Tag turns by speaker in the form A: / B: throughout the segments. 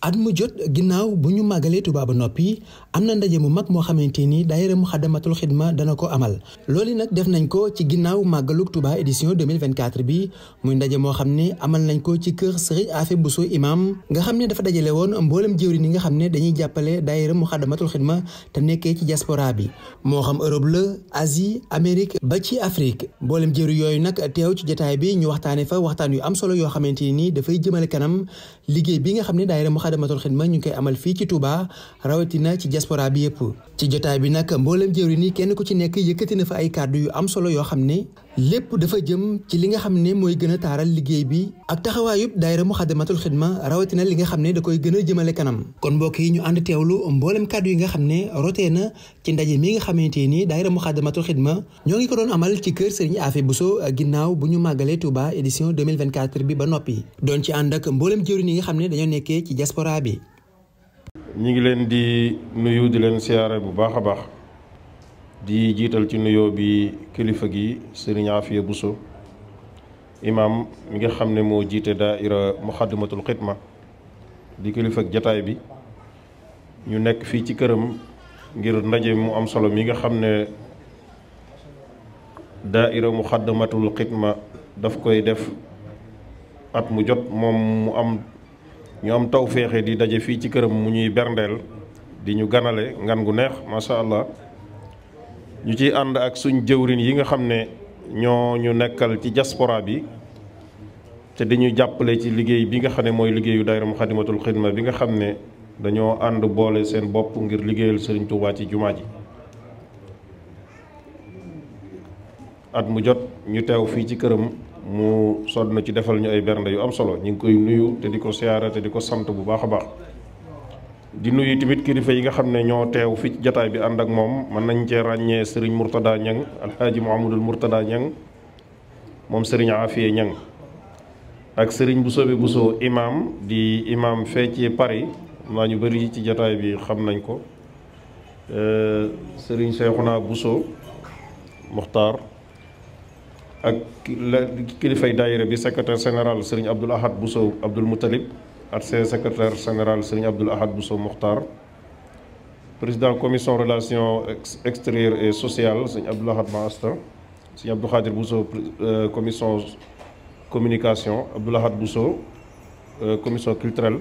A: at mu jot ginnaaw bu ñu màggalee Tuubaa ba noppi am na ndaje mu mag moo xamante ni daayira mu xaddamatul xidma dana ko amal loolu nag def nañ ko ci ginnaaw màggaluk Tuubaa édition 2024 bi muy ndaje moo xam ne amal nañ ko ci kër Sëriñ Afe Buso imam nga xam ne dafa dajale woon mboolem jëwriñ yi nga xam ne dañuy jàppale daayira mu xaddamatul xidma te nekkee ci diaspora bi moo xam Europe la Asie Amérique ba ci Afrique mboolem jëwriñ yooyu nag teew ci jataay bi ñu waxtaane fa waxtaan yu am solo yoo xamante ni dafay jëmale kanam liggéey bi nga xam ne daayira Muxaddamatul Xidma ñu ngi koy amal fii ci Touba rawatina ci diaspora bi yëpp ci jotaay bi nag mboolem jëwri nii kenn ku ci nekk yëkkati na fa ay kàddu yu am solo yoo xam ni lépp dafa jëm ci li nga xam ne mooy gën a taaral liggéey bi ak taxawaayub daayira Muxaddamatul Xidma rawatina li nga xam ne da koy gën a jëmale kanam kon mbokk yi ñu ànd teewlu mboolem kàddu yi nga xam ne rotee na ci ndaje mi nga xamante ni daayira Muxaddamatul Xidma ñoo ngi ko doon amal ci kër Serigne Afe Bousso ginnaaw bu ñu màggalee Touba édition 2024 bi ba noppi doon ci ànd ak mboolem jëwriñ yi nga xam ne dañoo nekkee ci diaspora bi.
B: ñu ngi leen di nuyu di leen siyaare bu baax a baax. di jiital ci nuyoo bi kilifa gi sëriñ Afiya Buso imaam mi nga xam ne moo jiite daaira muxaddamatul xidma di kilifa jataay bi ñu nekk fii ci këram ngir ndaje mu am solo mi nga xam ne daa daaira muxaddamatul xidma daf koy def at mu jot moom mu am ñu am taw féexe di daje fii ci këram mu ñuy berndeel di ñu ganale ngan gu neex macha allah ñu ciy ànd ak suñ jëwriñ yi nga xam ne ñoo ñu nekkal ci diaspora bi te dañu jàppale ci liggéey bi nga xam ne mooy liggéeyu daayira Muxaddamatul Xidma bi nga xam ne dañoo ànd boole seen bopp ngir liggéeyal Sëriñ Tuubaa ci jumaa ji at mu jot ñu teew fii ci këram mu na ci defal ñu ay bernde yu am solo ñu ngi koy nuyu te di ko siyaara te di ko sant bu baax a baax di nuyu tamit kilifa yi nga xam ne ñoo teew fi jataay bi ànd ak moom mën nañ cee ràññee sëriñ Mourtada Niang alxaaji Mouhamadul Mourtada Niang moom sëriñ Afiye Niang ak sëriñ Bousso bi Bousso imam di imaam fee ci Paris naa ñu bëri ci jataay bi xam nañ ko sëriñ euh, Seexuna Bousso Muxtaar ak la kilifay daayira bi secrétaire général sëriñ Abdoul Ahad Bousso Abdoul Moutalib ak seen sénéral général Serigne Abdoul Ahad Bousso Mokhtar président commission relations extérieures et sociales Serigne Abdoul Ahad Maasta Serigne Abdou euh, commission communication Abdoul Ahad Bousso euh, commission culturelle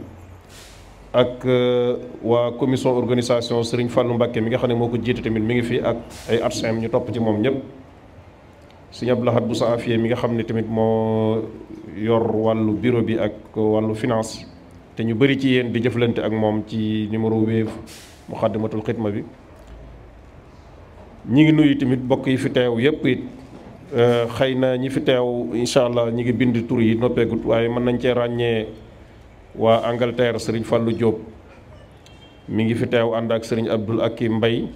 B: ak euh, waa commission organisation Serigne fàllu Mbacké mi nga xam ne moo ko jiite tamit mu ngi fi ak ay arcm ñu topp ci moom ñëpp Serigne Abdoul Ahad Bousso Afie mi nga xam ne tamit moo yor wàllu bureau bi ak wàllu finance te ñu bëri ci yéen di jëflante ak moom ci numéro Wave Moukhaddamatoul Khidma bi ñi ngi nuyu tamit bokk yi fi teew yëpp it euh, xëy na ñi fi teew incha allah ñi ngi bind tur yi noppeegut waaye mën nañ cee ràññee waa Angleterre sëriñ Fallou Diop mi ngi fi teew ànd ak Serigne Abdoul Akim Mbaye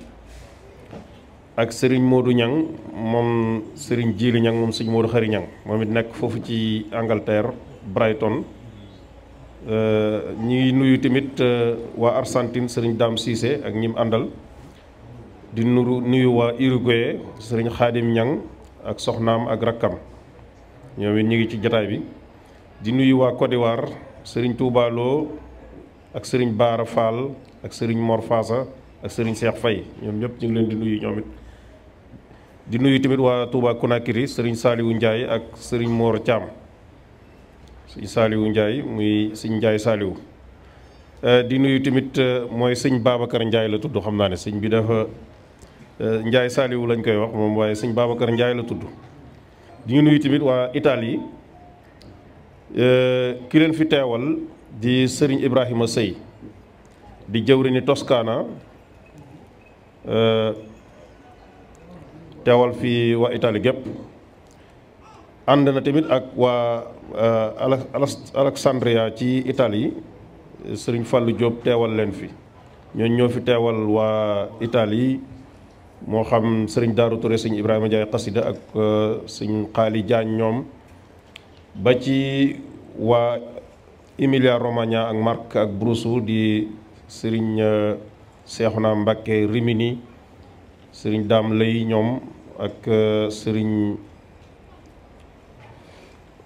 B: ak sëriñ moodu Niang moom Serigne Djili Niang moom Serigne Modou Khari Niang moom it nekk foofu ci Angleterre Brighton Euh, ñuy nuyu tamit euh, waa Argentine sëriñ Dame Cissé ak ñim àndal di nuru nuyu waa Uruguay sëriñ Xaadim ñaŋ ak soxnaam ak rakkam ñoom it ñu ngi ci jataay bi di nuyu waa Côte d'Ivoire sëriñ Touba ak sëriñ Baara Fall ak sëriñ Mor Faasa ak sëriñ Cheikh Faye ñoom ñëpp ñu ngi leen di nuyu ñoom it di nuyu tamit waa Touba Conakry sëriñ Saliou Ndiaye ak sëriñ Mor Thiam sëñ Saliou muy sëñ Ndiaye saaliwu euh, di nuyu tamit euh, mooy sëñ Babacar Ndiaye la tudd xam naa ne sëñ bi dafa euh, Ndiaye Saliou lañ koy wax moom waaye sëñ Babacar Ndiaye la tudd di nuyu tamit waa Italie ki leen fi teewal di sëriñ Ibrahima Sëy di jëwriñu toskaana teewal fi waa Italie gépp ànd na tamit ak waa euh, Alexandria ci itali Sëriñ Fallou Diop teewal leen fi ñooñ ñoo fi teewal waa itali moo xam sëriñ Daaru Touré sëñ Ibrahima Jaay xasida ak euh, sëñ Xaali Jaañ ñoom ba ci waa Emilia Romagna ak Marc ak Brusu di sëriñ euh, naa Mbàkke Rimini sëriñ Daam Lay ñoom ak sëriñ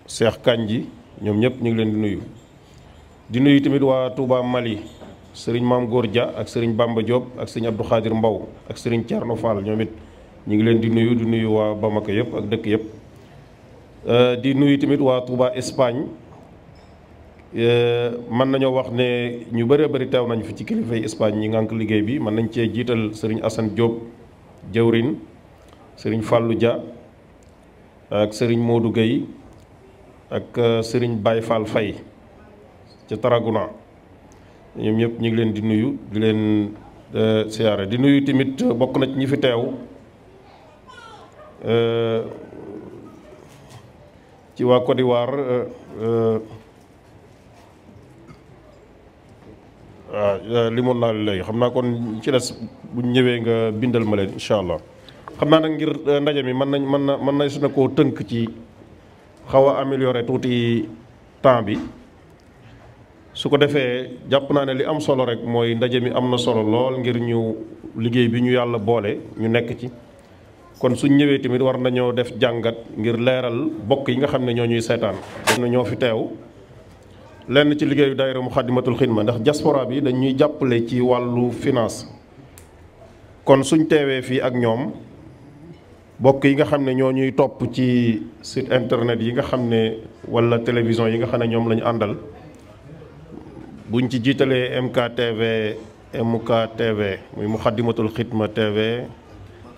B: Cheikh ji ñoom ñëpp ñu ngi leen di nuyu di nuyu tamit waa Touba Mali sëriñ Maam Góor ja ak sëriñ bàmba Diop ak sëriñ Abdou Khadir Mbow ak sëriñ Thierno Fall ñoom it ñu ngi leen di nuyu di nuyu waa Bamako yëpp ak dëkk yëpp euh, di nuyu tamit waa Touba Espagne euh, mën nañoo wax ne ñu bëree bari teew nañ fi ci kilifa yi ñi ngànk liggéey bi mën nañ cee jiital sëriñ Assane Diop jëwrin sëriñ Fallou Dia ak sëriñ Modou ak euh, sëriñ Baye Fall Faye ca Taraguna ñoom ñëpp ñu ngi leen di nuyu di leen euh, siyaare di nuyu tamit euh, bokk na ci ñi fi teew ci waa Côte d'Ivoire waaw limoon li léegi xam naa kon ci des bu ñëwee nga bindal ma leen incha allah xam naa nag ngir ndaje mi mën nañ mën na mën na su na koo tënk ci xaw a améliorer tuuti temps bi su ko defee jàpp naa ne li am solo rek mooy ndaje mi am na solo lool ngir ñu liggéey bi ñu yàlla boole ñu nekk ci kon suñ ñëwee tamit war nañoo def jàngat ngir leeral bokk yi nga xam ne ñoo ñuy seetaan na ñoo fi teew lenn ci liggéeyu daayira Muxaddamatul Xidma ndax diaspora bi dañuy jàppale ci wàllu finance kon suñ teewee fii ak ñoom bokk yi nga xam ne ñoo ñuy topp ci site internet yi nga xam ne wala télévision yi nga xam ne ñoom lañu ñu àndal buñ ci jiitalee MKTV MKTV muy Muxaddamatul Xidma TV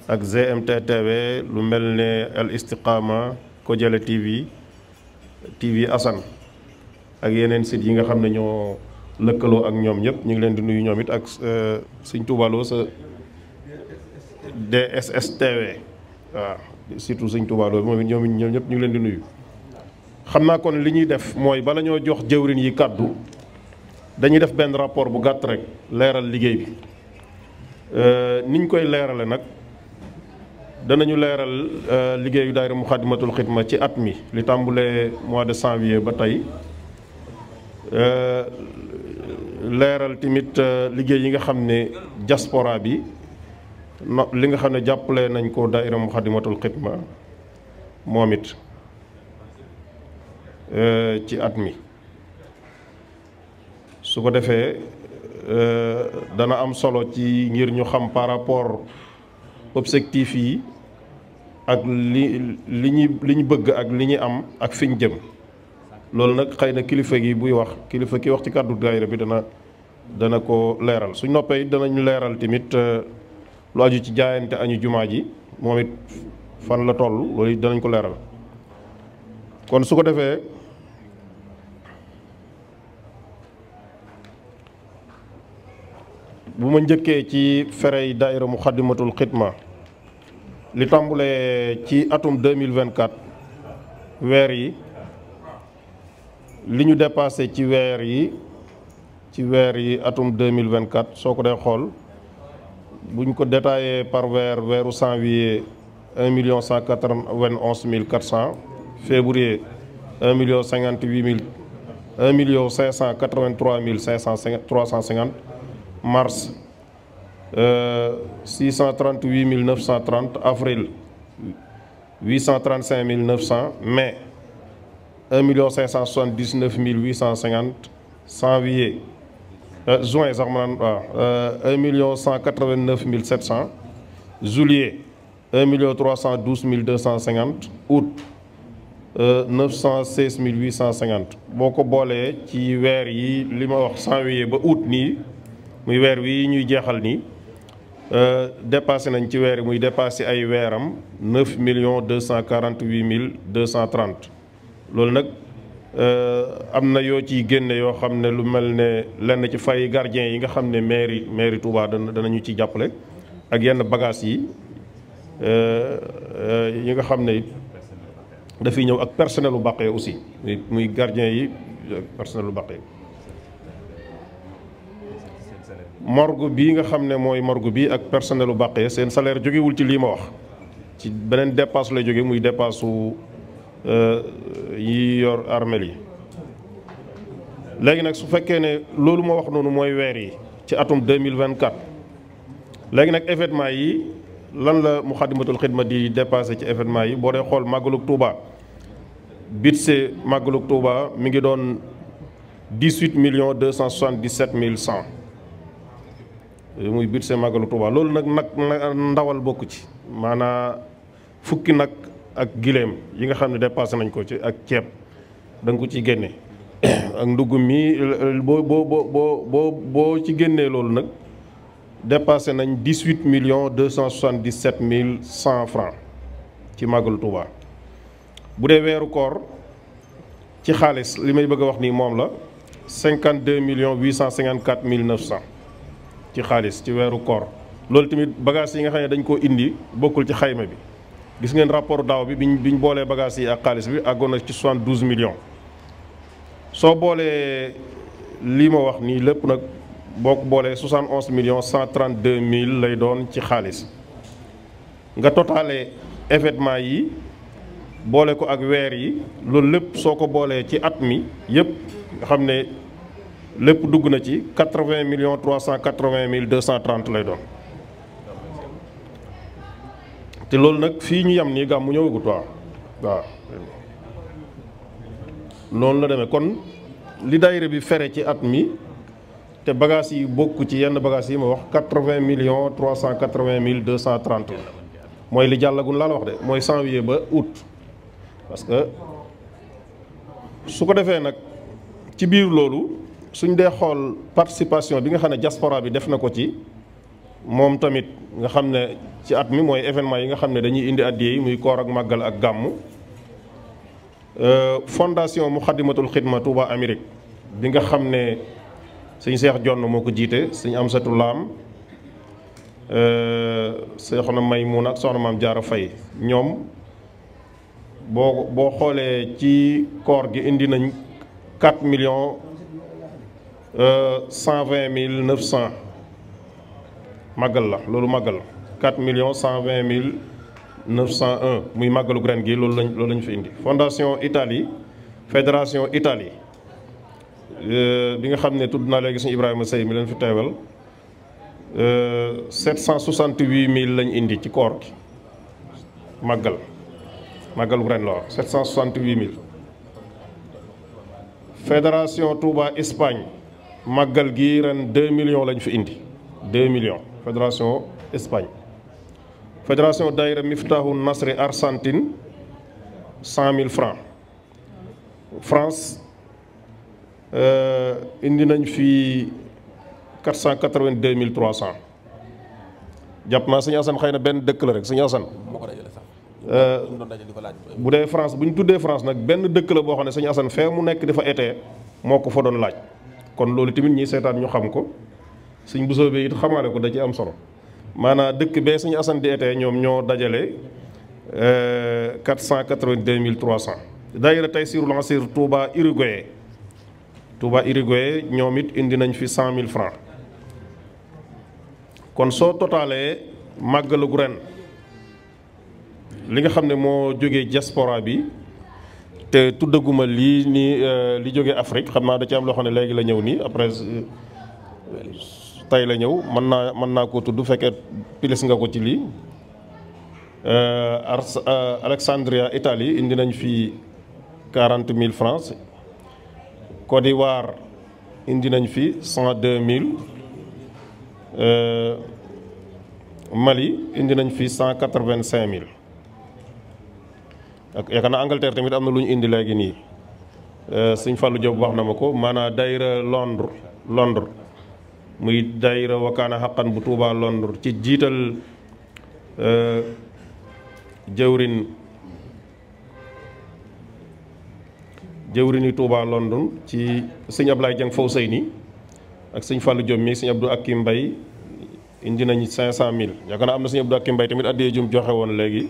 B: ak GMT TV lu mel ne Al Istiqama Kojale TV TV Assane ak yeneen site yi nga xam ne ñoo lëkkaloo ak ñoom ñëpp ñu ngi leen di nuyu ñoom it ak euh, Sëñ Tuubaaloo sa DSS TV waaw surtout sëñ Touba loolu moom it ñoom ñoom ñu ngi leen di nuyu. xam naa kon li ñuy def mooy bala ñoo jox jëwrin yi kàddu dañuy def benn rapport bu gàtt rek leeral liggéey bi euh, niñ koy leerale nag danañu leeral euh, liggéeyu daayira Muxaddamatul Xidma ci at mi li tàmbulee mois de janvier ba tey euh, leeral tamit liggéey yi nga xam ne jaspora bi na li nga xam ne jàppale nañ ko daaira Muxaddamatul Xidma moom it euh, ci at mi su ko defee euh, dana am solo ci ngir ñu xam par rapport objectif yi ak li li ñu bëgg ak li ñuy am ak fi ñu jëm loolu nag xëy na kilifa gi buy wax kilifa ki wax ci kàddu daayira bi dana dana ko leeral suñ noppee danañu leeral tamit euh, lu aju ci jaayante añu jumaa ji moom it fan la toll loolu danañ ko leeral kon su ko defee bu ma njëkkee ci fere yi ferey daayira Muxaddamatul Xidma li tàmbulee ci atum 2024 weer yi li ñu dépassé ci weer yi ci weer yi atum 2024 soo ko dee xool bu ñu ko détaillé par weer weeru janvier un million cent quatre-vingt-onze mille quatre cent février million cinquante-huit mille un million cinq cent quatre mille cinq cent trois cent cinquante mars euh, six cent trente-huit mille neuf cent trente avril mille neuf cent mai un million cinq cent soixante-dix-neuf mille huit cent cinquante janvier Euh, juin sax ma naan waaw euh, un million cent quatre-vingt-neuf mille cent juillet un million cent douze mille deux cent cinquante août euh, neuf cent seize mille huit cent cinquante boo ko boolee ci weer yi li ma wax janvier ba août nii muy weer wii ñuy jeexal nii dépassé nañ ci weer yi muy dépassé ay weeram neuf millions deux cent quarante-huit mille deux cent trente loolu nag Euh, am na yoo ci génne yoo xam ne lu mel ne lenn ci fay gardien yi nga xam ne mairie mairie Touba dana danañu ci jàppale ak yenn bagages yi euh, euh, yi nga xam ne it dafiy ñëw ak personnel bu bàqee aussi muy gardien yi personnel bu bàqee morgue bii nga xam ne mooy morgue bi ak personnel bu bàqee seen salaire jógewul ci lii ma wax ci beneen dépasse lay jóge muy dépasse su yi yor armel yi léegi nag su fekkee ne loolu ma wax noonu mooy weer yi ci atum 2024 léegi nag événement yi lan la mu Muxaddamatul Xidma di dépassé ci événement yi boo dee xool màggalug Touba budget màggalug Touba mi ngi doon 18 millions 277 mille 100 muy budget màggalug Touba loolu nag nag ndawal bokk ci maanaa fukki nag ak giléem yi nga xam ne dépassé nañ ko ci ak ceeb da nga ko ci génne ak ndugg mi boo boo boo boo boo ci génnee loolu nag dépassé nañ dix huit millions deux cent soixante dix sept mille cent francs ci màggalu Touba bu dee weeru koor ci xaalis li may bëgg a nii moom la cinquante deux millions huit cent cinquante quatre mille cent ci xaalis ci weeru koor loolu tamit bagages yi nga xam ne dañ koo indi bokkul ci xayma bi. gis ngeen rapport daaw bi bi biñ boolee bagages yi ak xaalis bi àggoon na ci soixante douze soo boolee lii ma wax nii lépp nag boo ko boolee soixante onze millions cent trente deux mille lay doon ci xaalis nga totalee événement yi boole ko ak weer yi loolu lépp soo ko boolee ci at mi yëpp nga xam ne lépp dugg na ci quatre vingt millions trois cent quatre vingt mille cent trente lay doon. te loolu nag fii ñu yam nii gàmmu ñëwagut waaw waaw noonu la demee kon li daayira bi fere ci at mi te bagages yi bokk ci yenn bagages yi ma wax quatre-vingts millions trois cent quatre-vingt mille deux cent mooy li jàllagun laa la wax de mooy janvier ba août parce que su ko defee nag ci biir loolu suñ dee xool participation bi nga xam ne diaspora bi def na ko ci moom tamit nga xam ne ci at mi mooy événement yi nga xam ne dañuy indi addiya yi muy koor ak màggal ak gàmmu euh, fondation xaddimatul Xidma Touba Amérique bi nga xam ne sëñ Seex Jonn moo ko jiite sëñ Amsatu Laam euh, may Maymuna ak soxna jaar a Fay ñoom boo boo xoolee ci koor gi indi nañ 4 millions euh, cent vingt mille neuf màggal la loolu màggal la 4 millions 120 mille 901 muy màggalu ren gi loolu lañ loolu lañ fi indi fondation Italie fédération Italie euh, bi nga xam ne tudd naa léegi suñu Ibrahima Seye mi leen fi teewal 768 euh, mille lañ indi ci koor gi màggal maggalu ren la 768 mille fédération Touba Espagne màggal gi ren 2 millions lañ fi indi 2 millions fédération Espagne fédération daayira Miftahu Nasri Argentine cent mille francs France euh, indi nañ fii quatre cent quatre vingt mille trois cent jàpp naa sëñ Assane xëy na benn dëkk la rek sëñ Assane euh, bu dee France bu ñu tuddee France nag benn dëkk la boo xam ne sëñ Assane fee mu nekk dafa été moo ko fa doon laaj kon loolu tamit ñi seetaan ñu xam ko suñ busoo bi it xamaale ko da ci am solo maanaa dëkk bee suñu asan di etee ñoom ñoo dajale day 482 300 daayira Taysirul siir Touba Uruguay Touba Uruguay ñoom it indi nañ fi cent mille francs kon soo totaalee màggalugu ren li nga xam ne moo jógee diaspora bi te tuddaguma lii nii euh, li jógee Afrique xam naa da ci am loo xam ne léegi la ñëw nii après euh, tey la ñëw mën naa mën naa koo tudd fekkee pilis nga ko ci lii euh, euh, Alexandria Italie indi nañ fi quarante mille francs Côte d'Ivoire indi nañ fi cent deux mille euh, Mali indi nañ fi cent quatre vingt cinq mille ak yaakaar naa Angleterre tamit am na lu ñu indi léegi nii Sëñ Fallou Diop wax na ma ko maanaam dayra Londres Londres muy daayira wakaana xaqan bu Touba Londres ci jiital euh, jëwrin jëwrini Touba Londres ci sëñ Ablaye Dieng Fawseyni ak sëñ Fallou Diom mi sëñ ak Akim mbay indi nañu cinq cent mile yaakaar naa am na sëñ Abdou Akim Mbaye tamit addee jum joxe woon léegi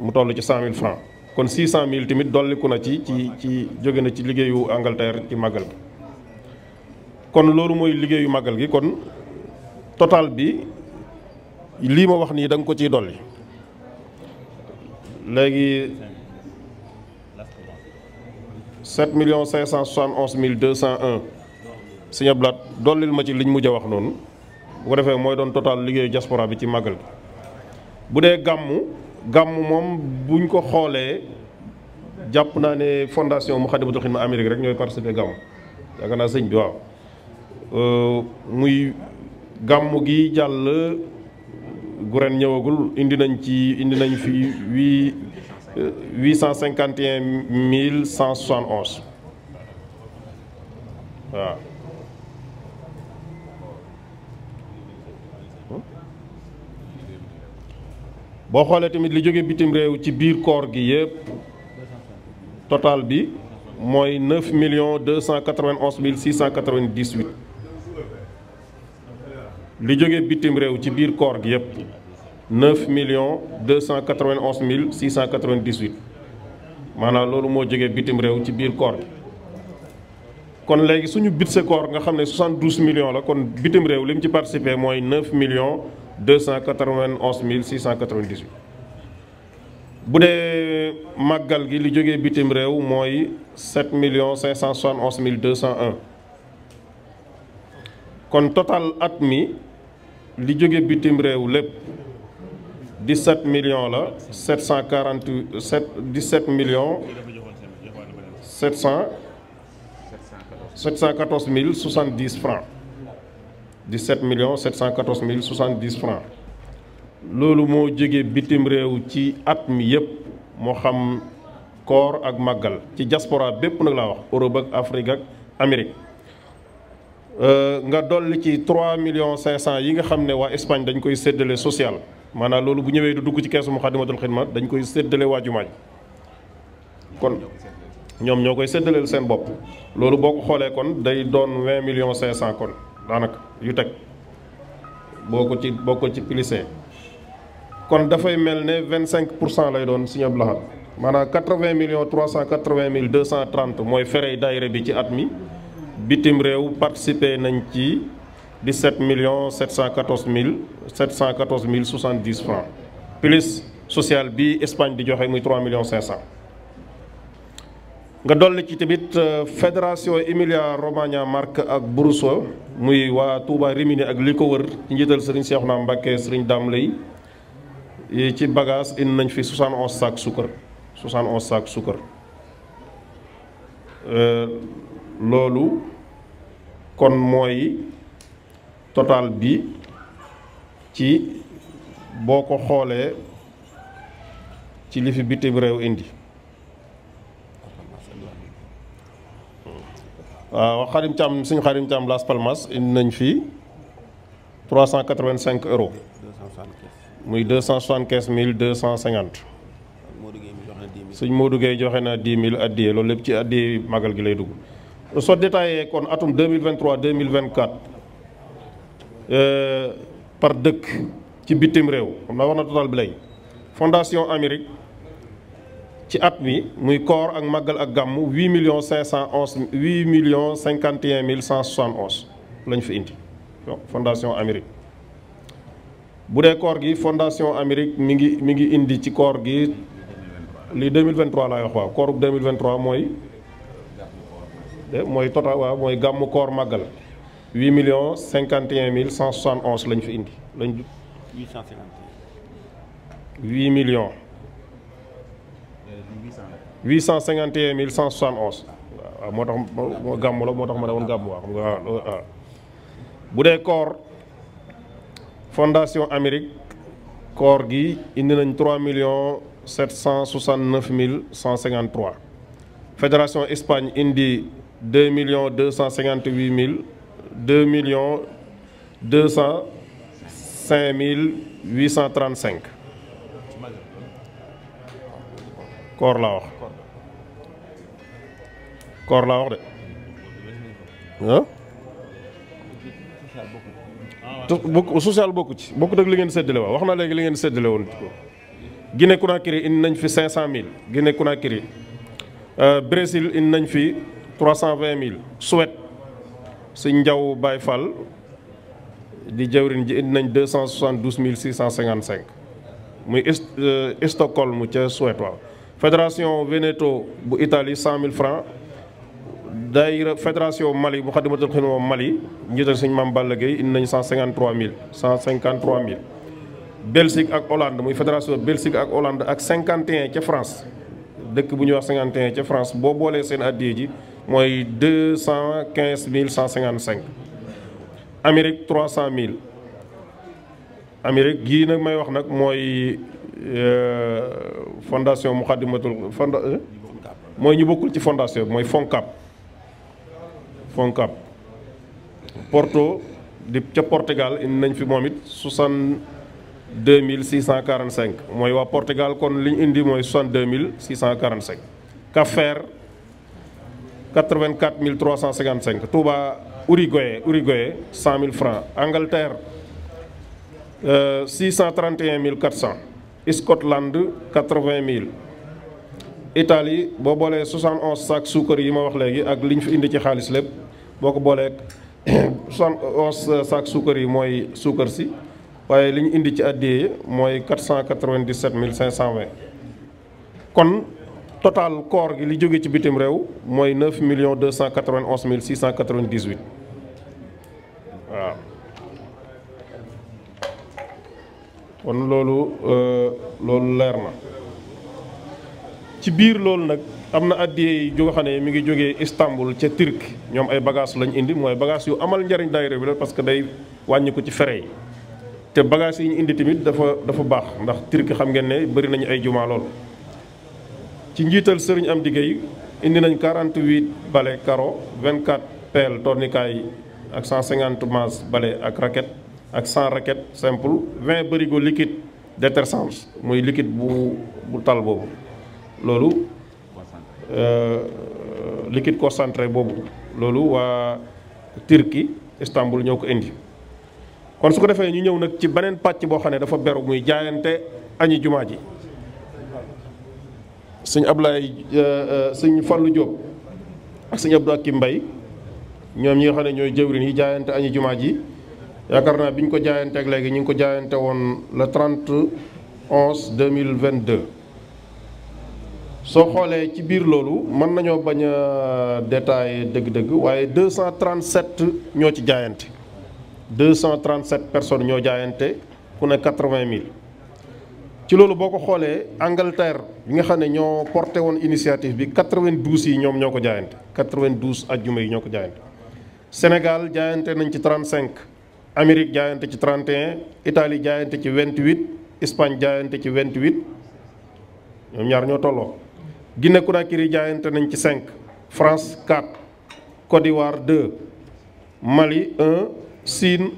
B: mu toll ci cent mille francs kon six cent mille tamit dolliku na ci ci ci jóge na ci liggéeyu Angleterre ci màggal kon loolu mooy liggéeyu màggal gi kon total bi lii ma wax nii da ko ciy dolli léegi 7 millions 571 mille 201 Sëñ Abdu Lahat dollil ma ci liñ mujj a wax noonu bu ko defee mooy doon total liggéeyu diaspora bi ci màggal gi bu dee gàmmu gàmmu moom buñ ko xoolee jàpp naa ne fondation Moukhaddamatoul Khidma Amérique rek ñooy participer gàmmu yaakaar naa sëñ bi waaw Euh, muy gàmmu gi jàll gu ñëwagul indi nañ ci indi nañ fi huit huit cinquante et cent soixante onze waaw. boo xoolee tamit li jóge bitim réew ci biir koor gi yëpp total bi mooy neuf millions deux cent quatre vingt li jóge bitim réew ci biir koor gi yëpp 9 millions 291 mille 698 maanaam loolu moo jóge bitim réew ci biir koor gi kon léegi suñu budget koor nga xam ne 72 millions la kon bitim réew li mu ci participé mooy 9 millions 291 mille 698 bu dee màggal gi li jóge bitim réew mooy 7 millions 571 mille 201 kon total at mi li jóge bitim réew lépp 17 millions la 748 7 17 millions
C: 700 714 mille 70
B: francs 17 millions 714 mille 70 francs loolu moo jóge bitim réew ci at mi yëpp moo xam koor ak màggal ci diaspora bépp nag la wax Europe ak Afrique ak Amérique Euh, nga dolli ci 3 millions 500 yi nga xam ne waa Espagne dañu koy séddale social maanaa loolu bu ñëwee du dugg ci keesu Moukhaddamatoul Khidma dañ koy séddale waa jumaa ji kon ñoom ñoo koy séddaleel seen bopp loolu boo ko xoolee kon day doon 20 millions 500 kon daanaka yu teg boo ko ci boo ko ci plissé kon dafay mel ne 25 pour cent lay doon si ñëpp laxat maanaam 80 millions 380 mille 230 mooy ferey daayira bi ci at mi. bitim réew participé nañ ci 17 millions 714 mille 714 mille 70 francs plus sociale bi Espagne di joxe muy million millions 500. nga dolli ci tamit euh, fédération Emilia Romagna Marche ak Brusque muy waa Touba Rimini ak li ko wër ci njiital sëriñ Cheikhouna Mbacké sëriñ Dame Lay ci bagage indi nañ fi 71 sacs suukar 71 sacs suukar. loolu kon mooy total bi ci boo ko xoolee ci li fi bitim réew indi waaw xarim Thiam suñu xarim Thiam Las Palmas indi nañ fi 385 euros muy 275 mille 250 suñ Modou Gueye joxe na 10 000 addiyee loolu lépp ci addiyee magal gi lay dugg soo détaillé kon atum 2023 2024 euh, par dëkk ci bitim réew xam wax na total bi lay fondation Amérique ci at bi muy koor ak maggal ak gàmm million cinq cent millions 511 million cinquante 51 mille cent 171 lañ fi indi fondation Amérique bu dee koor gi fondation Amérique mi ngi mi ngi indi ci koor gi li 2023 laay wax waaw kooru 2023 mooy. mooy total waaw mooy gàmmu koor màggal huit millions cinquante et mille cent soixante onze lañ fi lañ. huit cent cinquante huit millions. mille cent soixante onze. waaw moo tax moo gàmmu la moo tax ma ne woon gàmmu waaw bu dee koor fondation Amérique koor gi indi nañ trois millions sept cent soixante neuf mille cent cinquante trois fédération Espagne indi. deux millions deux cent cinquante huit mille deux millions deux cent cinq mille huit cent trente cinq koor laa wax koor laa wax
C: de bokk social
B: bokku ci bokk ak li ngeen séddale waa wax na léegi li ngeen séddale woon ko Guinée Conakry indi nañ fi cinq cent mille Guinée Conakry euh, Brésil indi nañ fi 320 000 Suède sëñ Ndiaw Baye Fall di jawrin ji indi nañ 272 655 muy euh, Stockholm ca Suède waaw fédération Veneto bu Italie 100 000 francs daayira fédération Mali bu Xadimatul Xidma Mali njiital suñu maam Balla Gueye indi nañ 153 cent 153 000 Belgique ak Hollande muy fédération Belgique ak Hollande ak 51 ca France dëkk bu ñuy wax 51 ca France boo boolee seen addiye ji mooy deux cent quinze mille cent cinquante cinq Amérique trois cent mille Amérique gii nag may wax nag mooy euh, fondation Muxaddamatul fonda euh, mooy ñu bokkul ci fondation mooy FONCAP FONCAP Porto di ca Portugal indi nañ fi moom it soixante deux mille six cent quarante cinq mooy waa Portugal kon li ñu indi mooy soixante deux mille six cent quarante cinq Cap Vert 84 355 Touba Uruguay Uruguay 100 000 francs Angleterre euh, 631 400 Scotland 80 000 Italie boo boolee 71 sacs suukar yi ma wax léegi ak li ñu fi indi ci xaalis lépp boo ko boolee 71 euh, sacs suukar yi mooy suukar si waaye li ñu indi ci àddiyee mooy 497 520 kon total koor gi li jóge ci bitim réew mooy million 9 millions 291 mille 698 waaw kon loolu euh, loolu leer na ci biir loolu nag am na addiyee yi nga xam ne mi ngi jógee Istanbul ca Turc ñoom ay bagage lañ indi mooy bagage yu amal njariñ daayira bi la parce que day wàññi ko ci fere yi te bagage yi ñu indi tamit dafa dafa baax ndax Turc xam ngeen ne bari nañu ay jumaa lool ci njiital sëriñ am diggéey indi nañ 48 balai carreau 24 pelle tournikaay ak 150 masse bale ak raquette ak 100 raquette simple 20 bërigo liquide détergent muy liquide bu bu tal boobu loolu euh, liquide concentré boobu loolu waa Turquie Istanbul ñoo ko indi kon su ko defee ñu ñëw nag ci beneen pàcc boo xam ne dafa beru muy jaayante añi jumaa ji suñ sëñ Ablaye euh, euh, sëñ Fallou Diop ak sëñ Abdou Akim mbay ñoom ñi nga xam ne ñooy jëwrin yi jaayante añu jumaa ji yaakaar naa bi ñu ko jaayante ak léegi ñu ngi ko jaayante woon le 30 11 2022 soo xoolee ci biir loolu mën nañoo bañ a détaillé dëgg-dëgg waaye cent 237 ñoo ci jaayante 237 personnes ñoo jaayante ku ne 80 000 ci loolu boo ko xoolee Angleterre bi nga xam ne ñoo porté woon initiative bi 92 yi ñoom ñoo ko jaayante 92 ajjuma yi ñoo ko jaayante Sénégal jaayante nañ ci 35 Amérique jaayante ci 31 Italie jaayante ci 28 Espagne jaayante ci 28 ñoom ñaar ñoo tolloo Guinée Conakry jaayante nañ ci 5 France 4 Côte d'Ivoire 2 Mali 1 Chine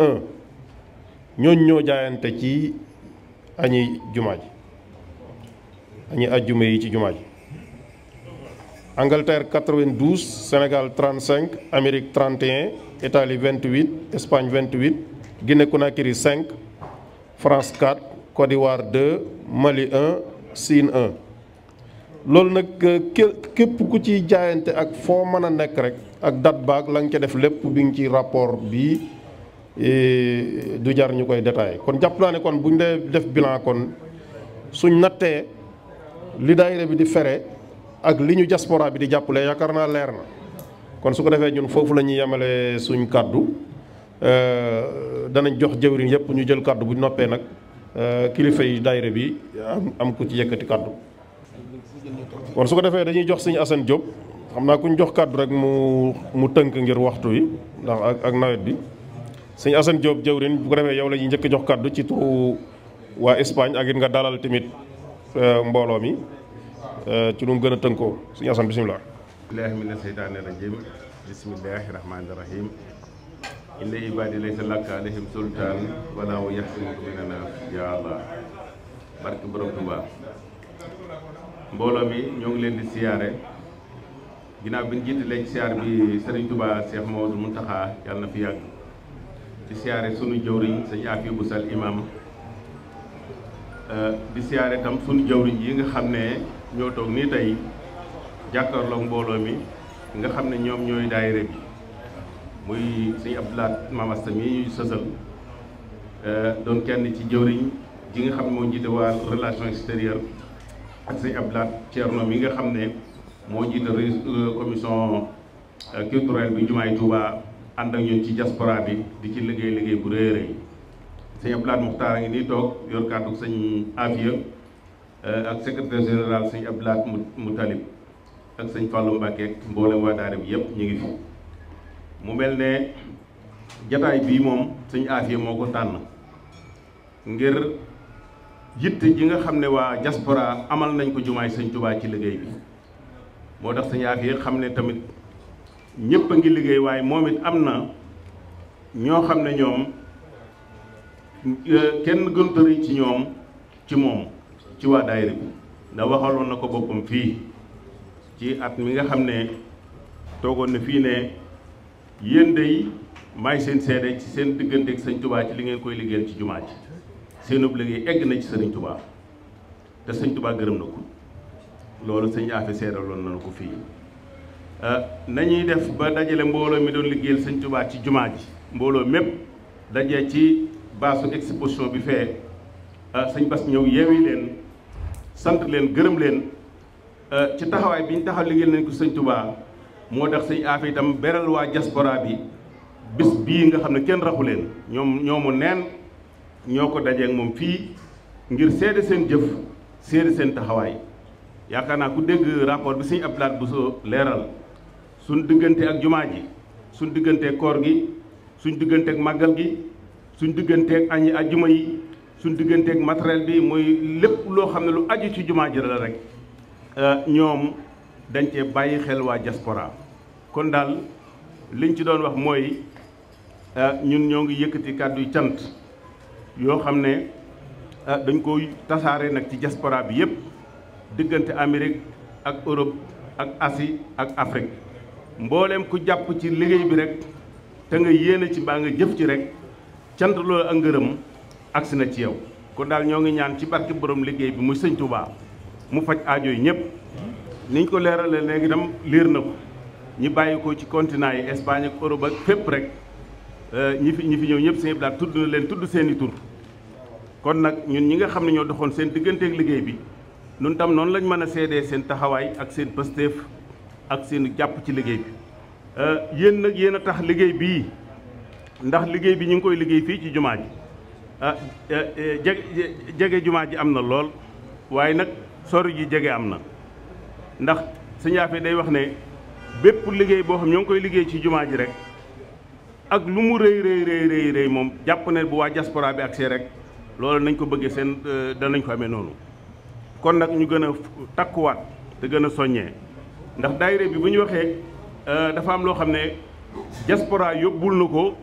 B: 1 ñooñ ñoo jaayante ci. añi jumaa ji añi ajjuma yi ci jumaa ji Angleterre 92 Sénégal 35 Amérique 31 Italie 28 Espagne 28 Guinée Conakry 5 France 4 Côte d'Ivoire 2 Mali 1 Sine 1 loolu nag euh, képp ku ci jaayante ak foo mën a nekk rek ak date baag la ca def lépp bi ngi ci rapport bii du jar ñu koy détaillé kon jàpp naa ne kon bu ñu dee def bilan kon suñ nattee li daayira bi di fere ak li ñu diaspora bi di jàppale yaakaar naa leer na kon su ko defee ñun foofu lañuy ñuy yemale suñ kàddu euh, danañ jox jëwriñ yëpp ñu jël kàddu bu noppee nag euh, kilifa yi daayira bi am am ku ci yëkkati kàddu kon su ko defee dañuy jox suñu Assane Diop xam naa ku ñu jox kàddu rek mu mu tënk ngir waxtu yi ndax ak ak nawet bi suñ Assane Diop jëwrin bu ko defee yow la ñuy njëkk jox kàddu ci tu waa Espagne ak it nga dalal tamit euh, mbooloo mi euh, ci lu mu gën a tënkoo sëñ Assane bisimilah.
C: billahi mina seytaani rajim bismillahi rahmaani rahim inna ibaadi laysa laka alayhim sultaan wala mbooloo mi ñoo ngi leen di siyaare ginnaaw bi ñu jiite léegi siyaar bi Serigne Touba Cheikh Maodo Mountakha yàlla na fi yàgg di siyaare sunu jëwriñ sëñ Afi Busal imam euh, di siyaare tam sunu jëwriñ yi nga xam ne ñoo toog tey jàkkaarloog mbooloo mi nga xam ne ñoom ñooy daayira bi muy sëñ Abdoulaat Mamasta mi ñuy sësal euh, doon kenn ci jëwriñ ji nga xam ne moo jiite waa relation extérieure ak sëñ Abdoulaat Thierno mi nga xam ne moo jiite euh, commission culturelle bi jumaay Touba ànd ak ñun ci diaspora bi di ci liggéey liggéey bu rëy a rëy sëñ Abdou a ngi nii toog yor kàddu sëñ Afia eh, ak secrétaire général sëñ Abdou Lahad Moutalib ak sëñ Fallou Mbacke ak mboolem waa daara bi yëpp ñu ngi fi mu mel ne jataay bii moom sëñ Afia moo ko tànn ngir yitte ji nga xam ne waa diaspora amal nañ ko jumaay sëñ Touba ci liggéey bi moo tax sëñ Afia xam ne tamit. ñépp a ngi liggéey waaye moom it am na ñoo xam ne ñoom euh, kenn gënut ci ñoom ci moom ci waa daayira bi da waxaloon na ko boppam fii ci at mi nga xam ne toogoon na fii ne yéen day maay seen seede ci seen diggante ak sëñ Tubaa ci li ngeen koy liggéeyal ci jumaa ji seenub liggéey egg na ci sëriñ Tubaa te sëñ Tubaa gërëm na ko loolu sëñ Afe seedaloon na ko fii Euh, nañuy def ba dajale mbooloo mi doon liggéeyal sëñ tubaa ci jumaa ji mbooloo mépp daje ci baasu exposition bi fee euh, sëñ Bass ñëw yeewi leen sant leen gërëm leen euh, ci taxawaay bi ñu taxaw liggéeyal nañ ko sëñ Tuubaa moo tax sëñ Afe tam beral waa diaspora bi bis bii nga xam ne kenn raxu leen ñoom ñoomu neen ñoo ko dajeek moom fii ngir seede seen jëf seede seen taxawaay yaakaar naa ku dégg rapport bi sëñ Abdoulaye Bousso leeral suñ diggante ak jumaa ji suñu diggante koor gi suñ diggante ak màggal gi suñ diggante ak añi ajjuma yi suñu diggante ak matériel bi mooy lépp loo xam ne lu aju ci jumaa ji la rek euh, ñoom dañ cee bàyyi xel waa diaspora kon daal liñ ci doon wax mooy euh, ñun ñoo ngi yëkkati kàddu cant yoo xam ne euh, dañ koy tasaare nag ci jasporaa bi yépp diggante Amérique ak Europe ak Asie ak Afrique mbooleem ku jàpp ci liggéey bi rek te nga yéene ci mbaa nga jëf ci rek cant loolu ak ngërëm agsi na ci yow kon daal ñoo ngi ñaan ci barke borom liggéey bi muy sëñ Touba mu faj aajo yi ñëpp niñ ko leeralee léegi tam liir na ko ñi bàyyi ko ci continent yi Espagne ak Europe fépp rek euh, ñi fi ñi fi ñëw ñëpp seen i daal tudd na leen tudd seen i tur kon nag ñun ñi nga xam ne ñoo doxoon seen digganteek liggéey bi nun tam noonu lañ mën a seedee seen taxawaay ak seen pësteef ak seen jàpp ci liggéey bi euh, yéen nag yéen a tax liggéey bii ndax liggéey bi ñu ngi koy liggéey fii ci jumaa ji euh, euh, jege jumaa ji am na lool waaye nag sori ji jege am na ndax Sëñ Afe day wax ne bépp liggéey boo xam ñoo ngi koy liggéey ci jumaa ji rek ak lu mu rëy rëy rëy rëy moom jàpp ne bu waa jasporaa bi agsee rek loolu nañ ko bëgge seen danañ ko amee noonu kon nag ñu gën a takkuwaat te gën a soññee ndax daayira bi bu ñu waxee euh, dafa am loo xam ne diaspora yóbbul na ko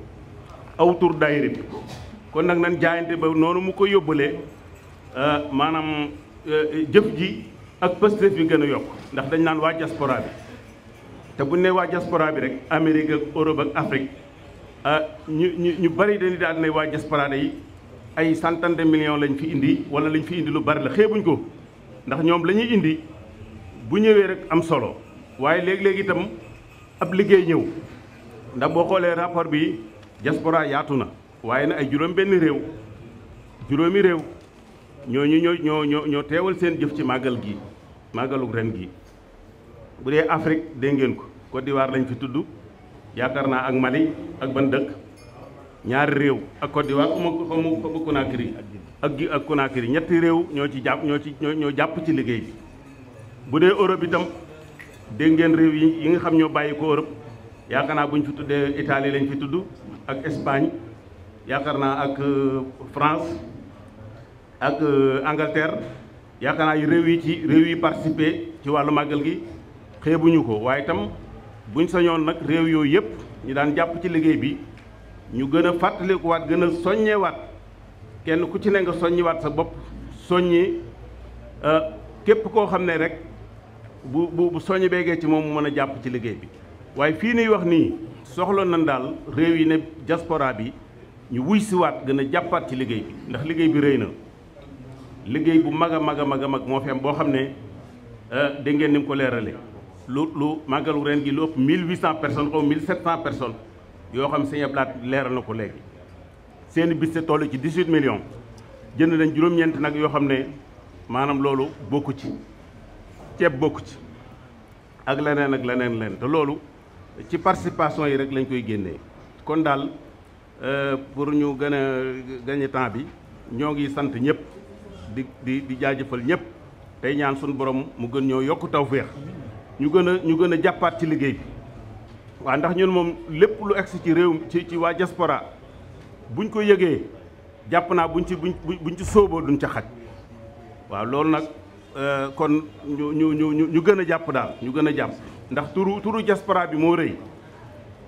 C: aw tur daayira bi kon nag nan jaayante ba noonu mu ko yóbbalee euh, maanaam euh, jëf ji ak pëstef bi gën a yokk ndax dañ naan waa diaspora bi te bu ñu nee waa diaspora bi rek Amérique ak Europe ak Afrique ñu ñu ñu bari dañuy daal ne waa diaspora yi ay centaine de millions lañ fi indi wala lañ fi indi lu bari la xeebuñ ko ndax ñoom la ñuy indi bu ñëwee rek am solo. waaye léegi-léegi itam ab liggéey ñëw ndax boo xoolee rapport bi diaspora yaatu na waaye na ay juróom benn réew juróomi réew ñooñu ñoo ñoo ñoo ñoo teewal seen jëf ci màggal gi màggalu ren gi bu dee Afrique dégg ngeen ko Côte d'Ivoire lañ fi tudd yaakaar naa ak Mali ak ban dëkk ñaari réew ak Côte d'Ivoire xaw ma xaw ma Conakry ak ak Conakry ñetti réew ñoo ci jàpp ñoo ci ñoo ñoo jàpp ci liggéey bi bu dee Europe itam dégg ngeen réew yi yi nga xam ñoo bàyyi ko Europe yaakaar naa bu ñu fi tuddee Italie lañ fi tuddu ak Espagne yaakaar naa ak euh, France ak euh, Angleterre yaakaar yi réew yi ci réew yi participé ci wàllu màggal gi xeebuñu ko waaye itam buñ sañoon nag réew yooyu yëpp ñu daan jàpp ci liggéey bi ñu gën a fàttalikuwaat gën a soññewaat kenn ku ci ne nga soññiwaat sa bopp soññi euh, képp koo xam ne rek. bu bu bu soññi beegee ci moom mu mën a jàpp ci liggéey bi waaye fii nuy wax nii soxla nan daal réew yi ne diaspora bi ñu wuy siwaat gën a jàppaat ci liggéey bi ndax liggéey bi rëy na liggéey bu mag a mag a mag a mag moo fi am boo xam ne eh, dégg ngeen ni ko leerale lu lu màggalu ren gi lu ëpp 1800 personnes ou 1700 personnes yoo xam sëñ Ablaat leeral na ko léegi seen biste toll ci 18 millions jënd nañ juróom-ñeent nag yoo xam ne maanaam loolu bokku ci ceeb bokku ci ak leneen ak leneen leen te loolu ci participation yi rek lañ koy génnee kon daal euh, pour ñu gën a gagner temps bi ñoo ngi sant ñëpp di di di jaajëfal ñëpp tey ñaan suñu borom mu gën ñoo yokk tawféex ñu gën a ñu gën a jàppaat ci liggéey bi waaw ndax ñun moom lépp lu egsi ci réew ci ci waa diaspora buñ ko yëgee jàpp naa buñ ci buñ buñ ci sóoboo duñ ca xaj waaw loolu nag Euh, kon ñu ñu ñu ñu gën a jàpp daal ñu gën a jàpp ndax turu turu diaspora bi moo rëy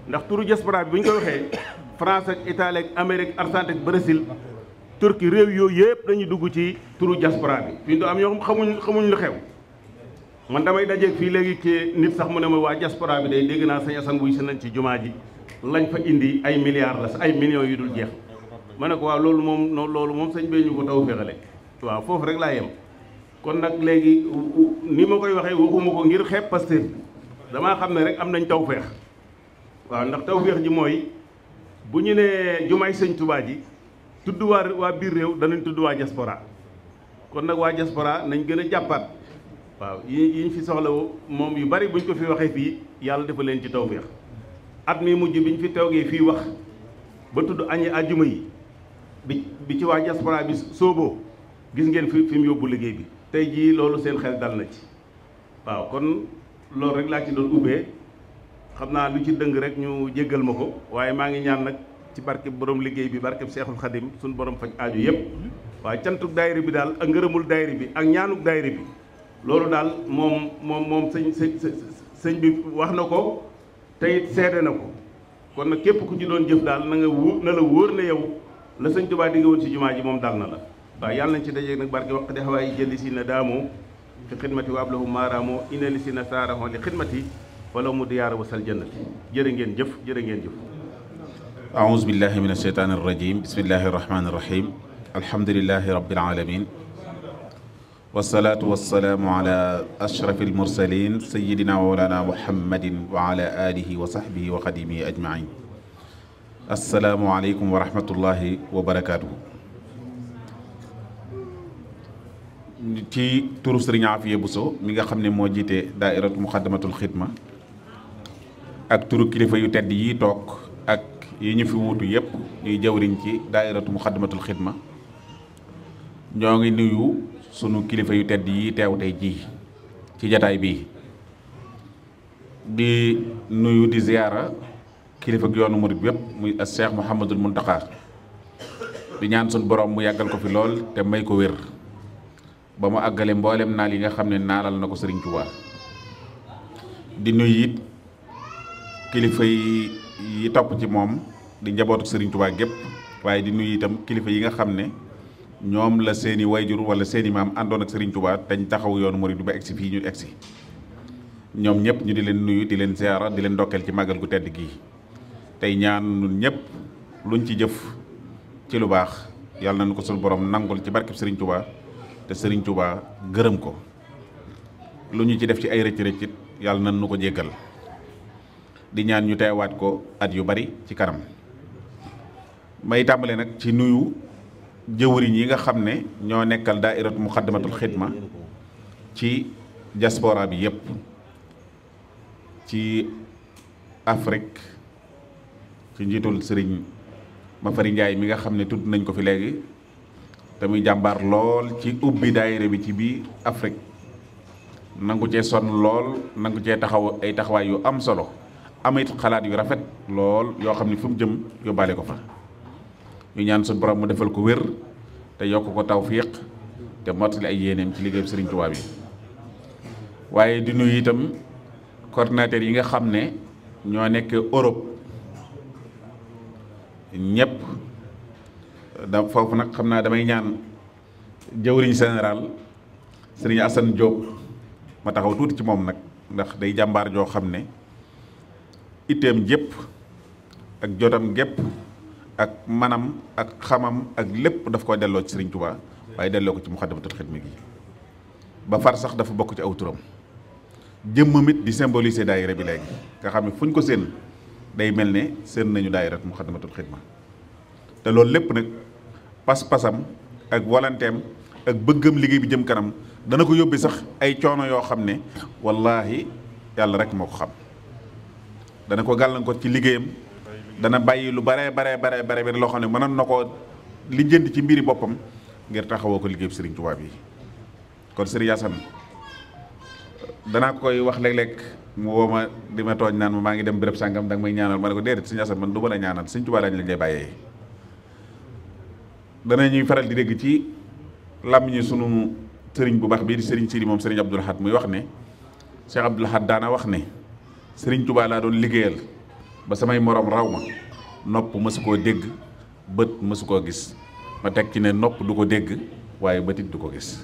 C: ndax turu diaspora bi bu ñu koy waxee France ak Italie ak Amérique Argentine ak Brésil Turquie réew yooyu yëpp dañuy dugg ci turu diaspora bi fi ñu am ñoo xamuñ xamuñ lu xew man damay dajeeg fii léegi kii nit sax mu ne ma waa diaspora bi day dégg naa saña asan wuy si nañ ci jumaa ji lañ fa indi ay milliards la ay millions yu dul jeex ma ne ko waaw loolu moom loolu moom sañ bee ñu ko foofu rek laa yem kon nag léegi ni ma koy waxee waxuma ko ngir xeeb Pastef damaa xam ne rek am nañ tawféex waaw ndax tawféex ji mooy bu ñu nee jumaay sëñ Tuubaa ji tudd waa waa biir réew danañ tudd waa diaspora kon nag waa diaspora nañ gën a jàppaat waaw yi ñu fi soxla moom yu bari buñ ko fi waxee fii yàlla dafa leen ci tawféex at mi mujj biñ fi toogee fii wax ba tudd añi ajuma yi bi bi ci waa diaspora bi sooboo gis ngeen fi fi yóbbu liggéey bi tey jii loolu seen xel dal na ci waaw kon loolu rek laa ci doon ubbee xam naa lu ci dëng rek ñu jéggal ma ko waaye maa ngi ñaan nag ci barkeb borom liggéey bi barkeb seexul xadim suñu borom faj aaju yëpp waaye cantuk daayira bi daal a ngërëmul daayira bi ak ñaanu daayira bi loolu daal moom moom moom sëñ sëñ sëñ bi wax na ko te it na ko kon nag képp ku ci doon jëf daal na nga wóor na la wóor ne yow la sëñ Tuubaa di nga woon ci jumaa ji moom dal na la waaw yàlla nañ ci dajeeg nag barke waq di xawaayi jëli si na daamoo fi xidmati wa ablahu maaraamoo inali si na saaraxoon li xidmati wala mu diyaara wasal jannati jërë ngeen jëf jërë ngeen jëf
D: aouzu billahi min asheytaani arrajim bismillahi arrahmani arrahim alhamdulilahi rabbil alamin wasalaatu wasalaamu ala ashraf almursalin sayidina wawlana muhammadin wa ala alihi wa sahbihi wa xadimihi ajmain asalaamu aleykum wa rahmatullahi wa barakatuhu ci turu Sëriñ Afiye Buso mi nga xam ne moo jiite daairatu muxaddamatul xidma ak turu kilifa yu tedd yi toog ak yi ñu fi wuutu yépp ñuy jawriñ ci daairatu muxaddamatul xidma ñoo ngi nuyu sunu kilifa yu tedd yi teew tey jii ci jataay bii di nuyu di ziyaara kilifa gi yoonu murit yépp muy as Cheikh Mouhamadul Muntaxaar di ñaan sun borom mu yàggal ko fi lool te may ko wér ba mu àggale mboolem naal yi nga xam ne naalal na ko Serigne Touba di nuyu it kilifa yi topp ci moom di njabootu sëriñ Touba gépp waaye di nuy itam kilifa yi nga xam ne ñoom la seeni wayjur wala seeni maam àndoon ak Serigne Touba dañ taxawu yoonu murid ba egsi fii ñu egsi ñoom ñëpp ñu di leen nuyu di leen ziara di leen dokkeel ci màggal gu tedd gii tey ñaan ñun ñëpp luñ ci jëf ci lu baax yàlla nañu ko suñu borom nangul ci barkeb Serigne Touba. te sëriñ Touba gërëm ko lu ñu ci def ci ay rëcc rëccit yàlla nan nu ko jéggal di ñaan ñu teewaat ko at yu bari ci kanam may tàmbale nag ci nuyu jëwriñ yi nga xam ne ñoo nekkal mu daairatu muxaddamatul xidma ci diaspora bi yépp ci Afrique ci njiitul sëriñ Mafari Njaay mi nga xam ne tudd nañ ko fi léegi te muy jàmbaar lool ci ubbi daayira bi ci biir Afrique nangu cee sonn lool nangu cee taxaw ay taxawaay yu am solo am xalaat yu rafet lool yoo xam ne fu jëm yóbbaale ko fa ñu ñaan suñu borom mu defal ko wér te yokk ko taw tawfiq te mottali ay yéeneem ci liggéeyam Serigne Touba bi waaye di nuy itam coordinateur yi nga xam ne ñoo nekk Europe ñëpp. da foofu nag xam naa damay ñaan jëwriñ général sëriñ Assane Diop ma taxaw tuuti ci moom nag ndax day jàmbaar joo xam ne itteem jépp ak jotam gépp ak manam ak xamam ak lépp daf ko delloo ci sëriñ Touba waaye delloo ko ci Muxaddamatul Xidma gi ba far sax dafa bokk ci aw turam jëmmam it di symboliser daayira bi léegi nga xam ne fu ñu ko séen day mel ne seen nañu daayira Muxaddamatul Xidma te loolu lépp nag pas-pasam ak wallanteem ak bëggam liggéey bi jëm kanam dana ko yóbbi sax ay coono yoo xam ne wallaahi yàlla rek moo ko xam dana ko gàllankoor ci liggéeyam dana bàyyi lu bare baree bare bare bi loo xam ne mënoon na ko li lijjanti ci mbiri boppam ngir taxawoo ko liggéey Serigne Touba yi kon Serigne Assane danaa koy wax léeg-léeg mu woo ma di ma tooñ naan ma maa ngi dem béréb sàngam danga may ñaanal ma ne ko déedéet Serigne Assane man du la ñaanal Serigne ñuy faral di dégg ci làmmiñu sunu sëriñ bu baax bii di sëriñ Sidi moom sëriñ Abdou Lahad muy wax ne Cheikh Abdou Lahad daana wax ne sëriñ Touba laa doon liggéeyal ba samay moroom raw ma nopp mësu koo dégg bët mësu koo gis ma teg ci ne nopp du ko dégg waaye bëtit du ko gis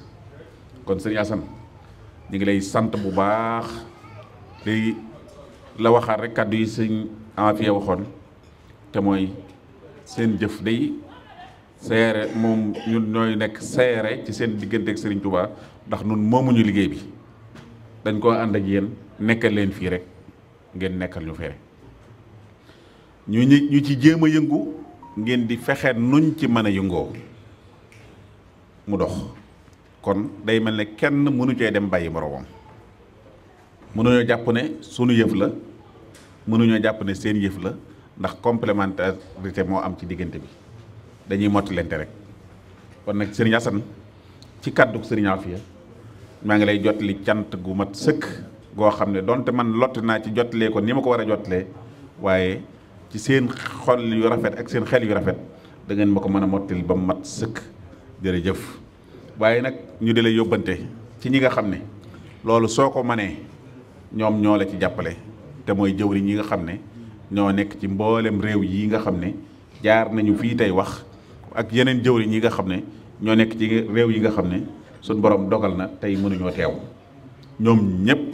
D: kon sëriñ Assane ñu ngi lay sant bu baax léegi la waxaat rek kàddu yi sëñ Afia waxoon te mooy seen jëf day seere moom ñu ñooy nekk seere ci seen diggante ak Serigne Touba ndax nun moomuñu liggéey bi dañ koo ànd ak yéen nekkal leen fii rek ngeen nekkal ñu fere ñu ñu ñu ci jéem a yëngu ngeen di fexee nuñ ci mën a yëngoo mu dox kon day mel ne kenn mënu cee dem bàyyi moroomam mënuñoo jàpp ne sunu yëf la mënuñoo jàpp ne seen yëf la ndax complémentarité moo am ci diggante bi dañuy mottalente rek kon nag sëriñ ci kàddu sëriñ Afia maa ngi lay jotli cant gu mat sëkk goo xam ne donte man lott naa ci jotlee ko ni ma ko war a jotlee waaye ci seen xol yu rafet ak seen xel yu rafet dangeen ngeen ma ko mën a mottil ba mu mat sëkk jërëjëf waaye nag ñu di lay yóbbante ci ñi nga xam ne loolu soo ko mënee ñoom ñoo la ci jàppale te mooy jëw jëwriñ ñi nga xam ne ñoo nekk ci mboolem réew yi nga xam ne jaar nañu fii tey wax ak yeneen jëwriñ yi nga xam ne ñoo nekk ci réew yi nga xam ne suñ boroom dogal na tey mënuñoo teew ñoom ñëpp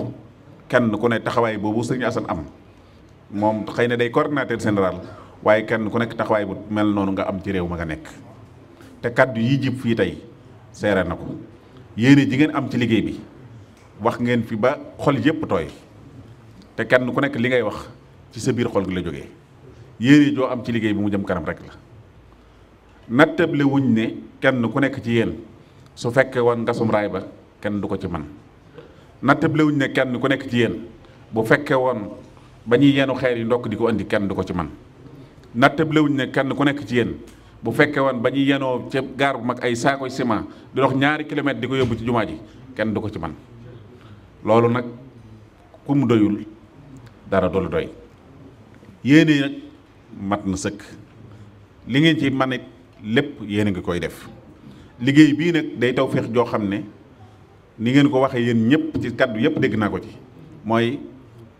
D: kenn ku ne taxawaay boobu sëñ Assane am moom xëy na day coordinateur général waaye kenn ku nekk taxawaay bu mel noonu nga am ci réew ma nga nekk te kàddu yi jib fii tey seere na ko yéene ji ngeen am ci liggéey bi wax ngeen fi ba xol yëpp tooy te kenn ku nekk li ngay wax ci sa biir xol gi la jóge yéene joo am ci liggéey bi mu jëm kanam rek nattable wuñ ne kenn ku nekk ci yéen su fekkee woon ngasum raay ba kenn du ko ci man nattable wuñ ne kenn ku nekk ci yéen bu fekkee woon ba ñuy yenu xeer yi ndokk di ko indi kenn du ko ci man nattable wuñ ne kenn ku nekk ci yéen bu fekkee woon ba ñuy yenoo ca gaar bu mag ay saakoy ciment di dox ñaari kilomètre di ko yóbbu ci jumaa ji kenn du ko ci man loolu nag ku mu doyul dara du la doy yéene nag mat na sëkk li ngeen ci man it lépp yéen a ngi koy def liggéey bii nag day taw feex joo xam ne ni ngeen ko waxee yéen ñëpp ci kàddu yëpp dégg naa ko ci mooy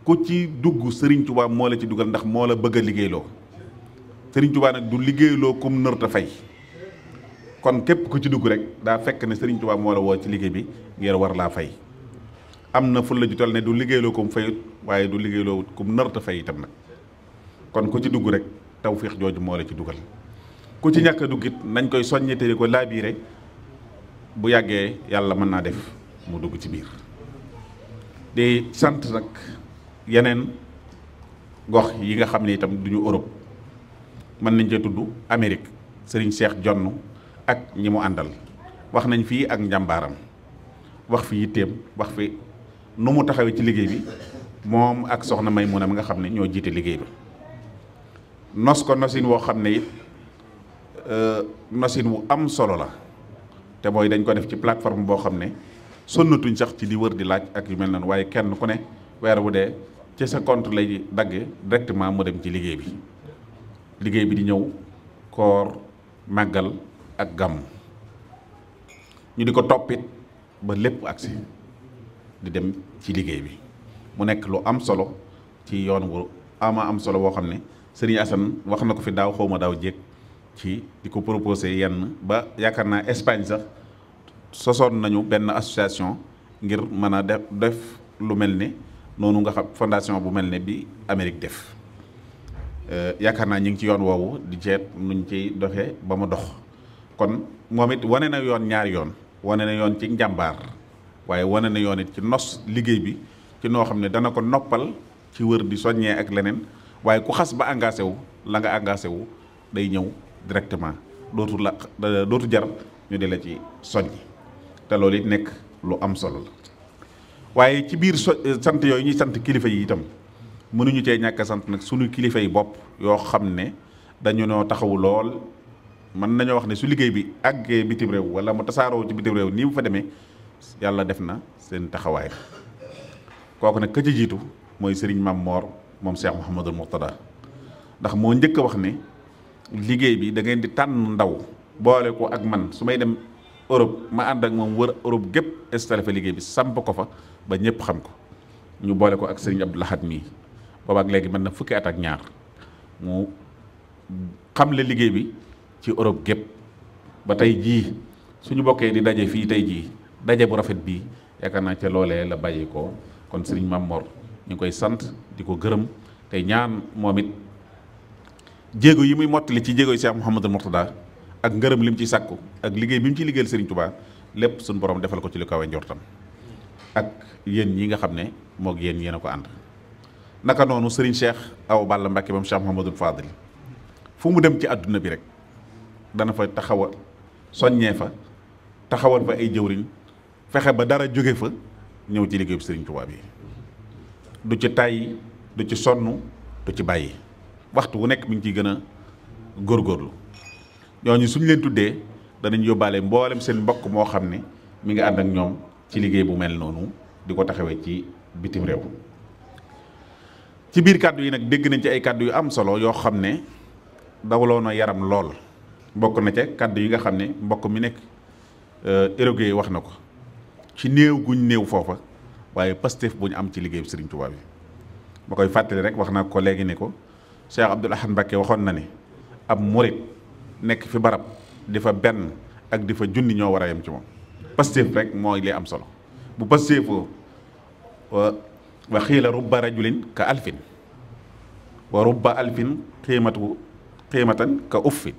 D: ku ci dugg Serigne Touba moo la ci dugal ndax moo la bëgg a liggéeyloo Serigne Touba nag du liggéeyloo kum nërta ta fay kon képp ku ci dugg rek daa fekk ne sëriñ Touba moo la woo ci liggéey bi ngir war laa fay am na fulla ju toll ne du liggéeyloo kum fayut waaye du liggéeyloo kum nër ta fay itam nag kon ku ci dugg rek taw feex jooju moo la ci dugal. ku ci ñàkk a dugg nañ koy soññi te di ko laabiire bu yàggee yàlla mën naa def mu dugg ci biir di sant nag yeneen gox yi nga xam ne itam duñu orop mën nañ cee tudd Amérique Serigne Cheikh Jonn ak ñi mu àndal wax nañ fii ak njàmbaaram wax fi yitteem wax fi nu mu taxawee ci liggéey bi moom ak soxna may Maymuna mi nga xam ne ñoo jiite liggéey bi nos ko nosin woo xam ne it Euh, machine wu am solo la te mooy dañ ko def ci plateforme boo xam ne sonnatuñ sax ci di wër di laaj ak yu mel noonu waaye kenn ku ne weer wu dee ci sa compte lay dagge directement mu dem ci liggéey bi liggéey bi di ñëw koor màggal ak gàmm ñu di ko toppit ba lépp agsi di dem ci liggéey bi mu nekk lu am solo ci yoon wu ama am solo boo xam ne sëriñ Assane wax na ko fi daaw xaw ma daaw jéeg ci di ko proposé yenn ba yaakaar naa Espagne sax sosoon nañu benn association ngir mën a def def lu mel ni noonu nga xam fondation bu mel ne bi Amérique def euh, yaakaar naa ñu ngi ci yoon woowu di jeet nuñ ciy doxee ba mu dox kon moom it wane na yoon ñaari yoon wane na yoon ci njàmbaar waaye wane na yoon it ci nos liggéey bi ci noo xam ne dana ko noppal ci wër di soññee ak leneen waaye ku xas ba engagé wu la nga engagé wu day ñëw directement dootu la dootu jar ñu di la ci soññi te loolu it nekk lu am solo la waaye ci biir so eh, sant yooyu ñuy sant kilifa yi itam mënuñu cee ñàkk sant nag suñu kilifa yi bopp yoo xam ne dañu noo taxawu lool mën nañoo wax ne su liggéey bi àggee bitim réew wala mu tasaaroo ci bitim réew nii bu fa demee yàlla def na seen taxawaay kooku nag ka ci jiitu mooy sëriñ Mam Moor moom Cheikh Mouhamadul Mourtada ndax moo njëkk a wax ne liggéey bi da ngeen di tànn ndaw boole ko ak man su may dem Europe ma ànd ak moom wër Europe gépp installé fa liggéey bi samp ko fa ba ñëpp xam ko ñu boole ko ak Serigne Abdou Lahad mii booba ak léegi mën na fukki at ak ñaar mu xam le liggéey bi ci Europe gépp ba tey jii suñu bokkee di daje fii tey jii daje bu rafet bii yaakaar naa ca loolee la bàyyi ko kon Serigne Mamor ñu koy sant di ko gërëm tey ñaan moom it jéego yi muy mottali ci jéego yi Cheikh Mouhamadul Mourtada ak ngërëm lim ci sàkku ak liggéey bi mu ci liggéeyal Serigne Touba lépp suñ borom defal ko ci li kawe njortam ak yéen ñi nga xam ne moo yéen yéen a ko ànd naka noonu Serigne Cheikh Awa Balla Mbacke moom Cheikh Mouhamadul Fadil fu mu dem ci àdduna bi rek dana fa taxawal a soññee fa taxawal fa ay jëwriñ fexe ba dara jóge fa ñëw ci liggéeyu Serigne Touba bi du ci tàyyi du ci sonn du ci bàyyi. waxtu wu nekk mi ngi ciy gën a góorgóorlu ñooñu suñ leen tuddee danañ yóbbaale mboolem seen mbokk moo xam ne mi ngi ànd ak ñoom ci liggéey bu mel noonu di ko taxawee ci bitim réew. ci biir kàddu yi nag dégg nañ ci ay kàddu yu am solo yoo xam ne dawloo na yaram lool bokk na ca kàddu yi nga xam ne mbokk mi nekk euh, Uruguay wax na ko ci néew guñ néew foofa waaye pastef bu ñu am ci liggéey Sëriñ Tuubaa bi ma koy fàttali rek wax naa ko léegi ne ko. Cheikh Abdoul Ahad Mbacké waxoon na ni ab murit nekk fi barab di fa benn ak di fa junni ñoo war a yem ci moom pastéef rek mooy li am solo bu pastéefoo wa xiila rubba rajulin ka alfin wa rubba alfin xiimatu xiimatan ka uffin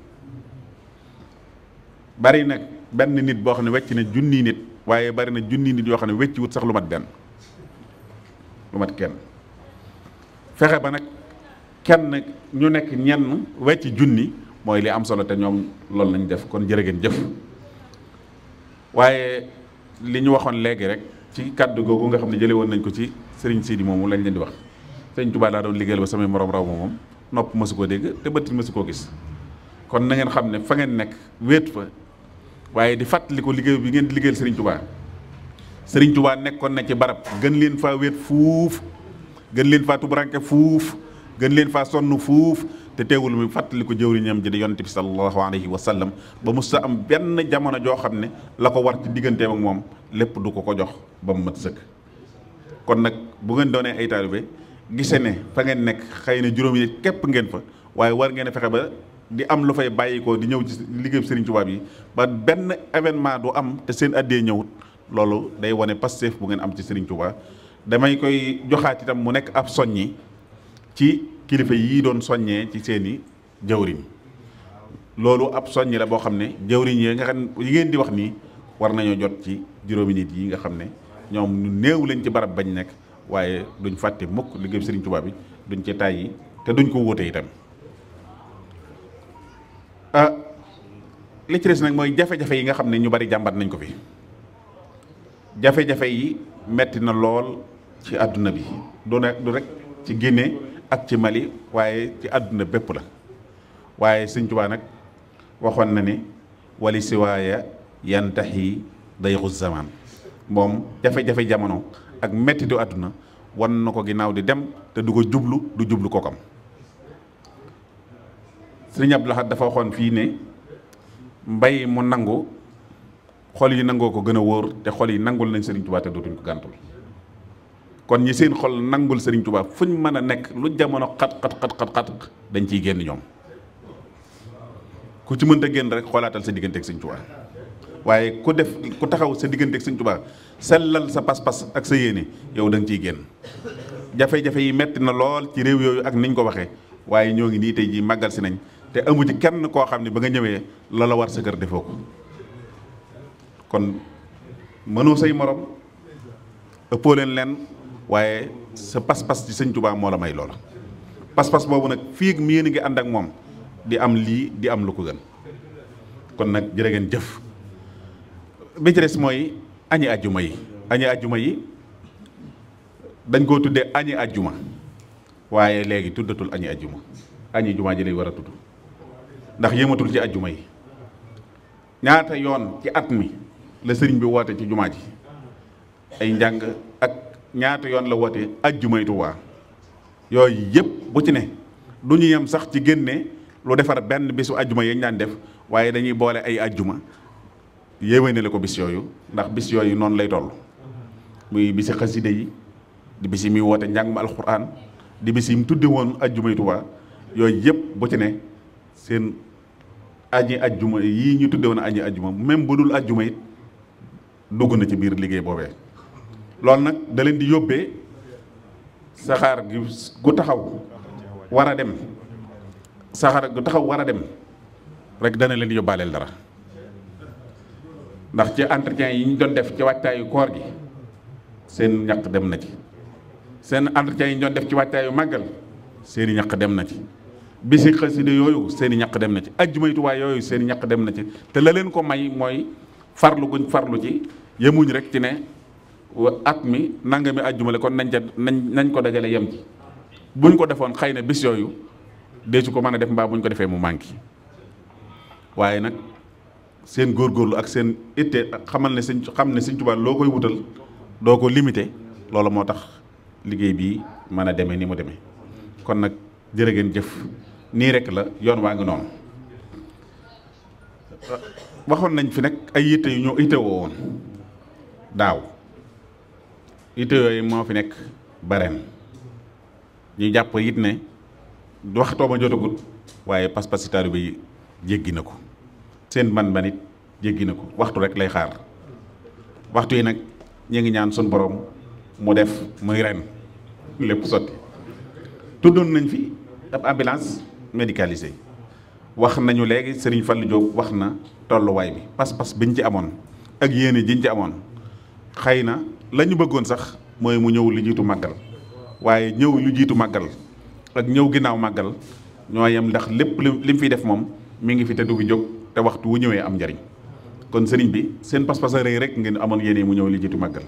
D: bari nag benn nit boo xam ne wecc ne junni nit waaye bari na junni nit yoo xam ne wecci wut sax lu mat benn lu mat kenn fexe ba nag kenn ñu nekk ñenn wecc junni mooy li am solo te ñoom loolu lañ def kon jërë ngeen jëf waaye li ñu waxoon léegi rek ci kàddu googu nga xam ne jële woon nañ ko ci sëriñ Sidi moomu lañ leen di wax sëriñ Tuubaa laa doon liggéeyal ba samay morom raw ma moom nopp mësu koo dégg te bëtt mësu koo gis kon na ngeen xam ne fa ngeen nekk wéet fa waaye di fàttali ko liggéey bi ngeen di liggéeyal sëriñ Tuubaa sëriñ Tuubaa nekkoon na ci barab gën leen faa wéet fuuf gën leen faa tubaranke fuuf gën leen faa sonn fuuf te teewul mi fàttali ko jëwriñam ji di yonent bi sallallahu alayhi wa sallam ba mu sa am benn jamono joo xam ne la ko war ci digganteem ak moom lépp du ko ko jox ba mu mat sëkk. kon nag bu ngeen doonee ay taalibe gise ne fa ngeen nekk xëy na juróomi nit képp ngeen fa waaye war ngeen a fexe ba di am lu fay bàyyikoo di ñëw ci liggéeyu Serigne Touba bi ba benn événement du am te seen addee ñëwut loolu day wane Pastef bu ngeen am ci Serigne Touba damay koy joxaat itam mu nekk ab soññi kilifa yii doon soññee ci seeni jawriñ loolu ab soññi la boo xam ne jëwriñ yi nga xam yi ngeen di wax nii war nañoo jot ci juróomi nit yi nga xam ne ñoom ñu néew lañ ci barab bañ nekk waaye duñ fàtte mukk liggéey Sëriñ Tuubaa bi duñ ci tàyyi te duñ ko wóote itam ah li ci des nag mooy jafe-jafe yi nga xam ne ñu bari jàmbat nañ ko fi jafe-jafe yi metti na lool ci àdduna bi du ne du rek ci Guinée ak ci Mali waaye ci àdduna bépp la waaye Sëñ Tuubaa nag waxoon na ni wali siwaaya yantaxi dayru zaman moom jafe-jafe jamono ak mettitu àdduna wan na ko ginnaaw di dem te du ko jublu du jublu kookam Sëriñ Abdul Ahad dafa waxoon fii ne mbay mu nangu xol yi nangoo ko gën a wóor te xol yi nangul nañ Sëriñ Tuubaa te dootuñ ko gàntul kon ñi seen xol nangul Serigne Touba ñu mën a nekk lu jamono xat xat xat xat dañ ciy génn ñoom ku ci mënta génn rek xoolaatal sa digganteeg Serigne Touba waaye ku def ku taxaw sa digganteeg Serigne Touba sellal sa pas-pas ak sa yéene yow da ciy génn jafe-jafe yi metti na lool ci réew yooyu ak niñ ko waxee waaye ñoo ngi nii tey jii màggal si nañ te amu ci kenn koo xam ne ba nga ñëwee la la war sa kër defoo ko kon mënoo say morom ëppoo leen leen waaye sa pas-pas ci sëñ jubaa moo la may loola pas-pas boobu nag fii ak yéen ngi ànd ak moom di am lii di am lu ko gën kon nag jërë ngeen jëf bi ci mooy añi ajjuma yi añi ajjuma yi dañ koo tuddee añi ajjuma waaye léegi tuddatul añi ajjuma añi jumaa ji lay war a tudd ndax yëmatul ci ajjuma yi ñaata yoon ci at mi la sëriñ bi woote ci jumaa ji ay njàng ak ñaata yoon la woote ajjumay Tuubaa yooyu yëpp bu ci ne du ñu yem sax ci génne lu defar benn bisu ajjuma yañ daan def waaye dañuy boole ay ajjuma yéwéne la ko bis yooyu ndax bis yooyu noonu lay toll muy bisi xaside yi di bisi muy woote njàngum alxuraan di bisi mu tuddi woon ajjumay Tuubaa yooyu yëpp bu ci ne seen aji ajjuma yii ñu tudde woon aji ajjuma même bu dul ajjuma it dugg na ci biir liggéey boobee loolu nag da leen di yóbbee saxaar gi gu taxaw war a dem saxaar gu taxaw war a dem rek dana leen di yóbbaaleel dara ndax ci entretien yi ñu doon def ci wàccaayu koor gi seen ñaq dem na ci seen entretien yi ñu doon def ci wàccaayu màggal seeni ñaq dem na ci bisi de yooyu seeni ñaq dem na ci ajjumaytuwaay yooyu seeni ñaq dem na ci te la leen ko may mooy farlu guñ farlu ci yemuñ rek ci ne at mi nangami àjjuma la kon nañ ca nañ nañ ko dajale yem ci buñ ko defoon xay na bis yooyu deesu ko mën a def mbaa buñ ko defee mu manqué waaye nag seen góor góorlu ak seen itte xamal ne sëñ xam ne sëñ Tuubaa loo koy wutal doo ko limité loolu moo tax liggéey bii mën a demee ni mu demee kon nag jërë ngeen jëf nii rek la yoon waa ngi noonu waxoon nañ fi nag ay yitte yu ñoo itte woo woon daaw yitte yooyu moo fi nekk bareen ñu jàpp yit ne du waxtoo ma jotagut waaye pas-pasi taalibe bi jéggi na ko seen man-man it jéggi na ko waxtu rek lay xaar waxtu yi nag ñu ngi ñaan suñ borom mu def muy ren lépp sotti tuddoon nañ fi ab ambulance médicalisée wax nañu léegi Serigne Fallou Diop wax na tolluwaay bi pas-pas biñ ci amoon ak yéene jiñ ci amoon xëy lañu bëggoon sax mooy mu ñëw li jiitu màggal waaye ñëw lu jiitu màggal ak ñëw ginnaaw màggal ñoo yem ndax lépp li mu fiy def moom mu ngi fi te du fi jóg te waxtu wu ñëwee am njariñ kon sëriñ bi seen pas-pas a rëy rek ngeen amoon yéene mu ñëw li jiitu màggal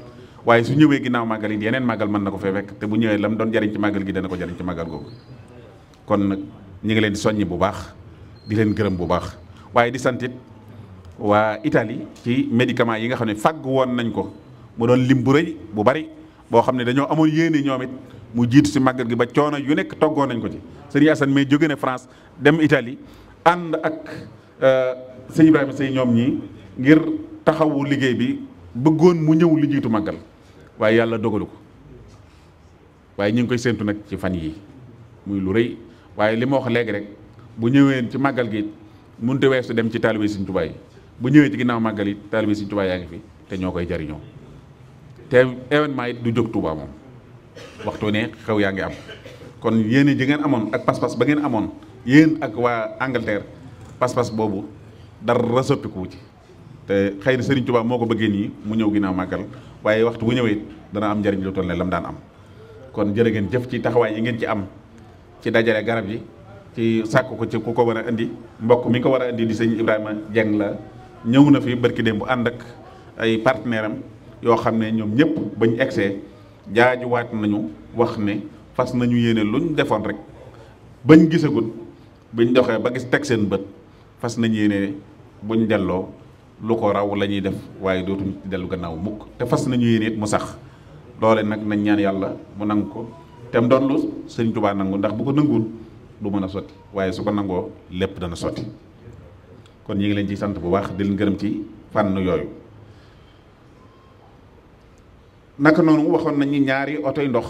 D: waaye su ñëwee ginnaaw màggal it yeneen màggal mën na ko fee fekk te bu ñëwee lam doon jariñ ci màggal gi dana ko jariñ ci màggal googu kon nag ñu ngi leen di soññ bu baax di leen gërëm bu baax waaye di santit waa Italie ci médicament yi nga xam ne fàgg woon nañ ko mu doon lim bu rëy bu bari boo xam ne dañoo amoon yéene ñoom it mu jiitu si màggal gi ba coono yu nekk toggoon nañ ko ci sëñ Assane may jóge na France dem itali ànd ak euh, sëñ Ibrahima Seye ñoom ñii ngir taxawu liggéey bi bëggoon mu ñëw li jiitu màggal waaye yàlla dogalu ko waaye ñu ngi koy séentu nag ci fan yii muy lu rëy waaye li ma wax léegi rek bu ñëwee ci màggal gi mun a weesu dem ci taalibe Sëñ Tuubaa bu ñëwee ci ginnaaw màggal yi taalibe yaa ngi fi te koy jariñoo te événement it du jóg Touba moom waxtu ne xew yaa ngi am kon yéene ji ngeen amoon ak pas-pas ba ngeen amoon yéen ak waa Angleterre pas-pas boobu dara ku ci te xëy na Serigne Touba moo ko bëggee nii mu ñëw ginnaaw màggal waaye waxtu bu ñëwee dana am njëriñ lu toll ne lam daan am kon jërë ngeen jëf ci taxawaay yi ngeen ci am ci dajale garab yi ci sàkk ko ci ku ko war a indi mbokk mi ko war a indi di sëñ Ibrahima Dieng la ñëw na fi barki dem bu ànd ay partenaire am yoo xam ne ñoom ñëpp bañ egsee jaajuwaat nañu wax ne fas nañu yéene luñ defoon rek bañ gisagul buñ doxee ba gis teg seen bët fas nañ yéene buñ delloo lu ko raw lañuy def waaye dootuñ ci dellu gannaaw mukk te fas nañu yéene it mu sax loole nag nañ ñaan yàlla mu nangu ko te mu doon lu sëñ Tuubaa nangu ndax bu ko nanguwul du mën a sotti waaye su ko nangoo lépp dana sotti kon ñu ngi leen ciy sant bu baax di leen gërëm ci fànn yooyu. naka noonu waxoon nañu ñaari otoy ndox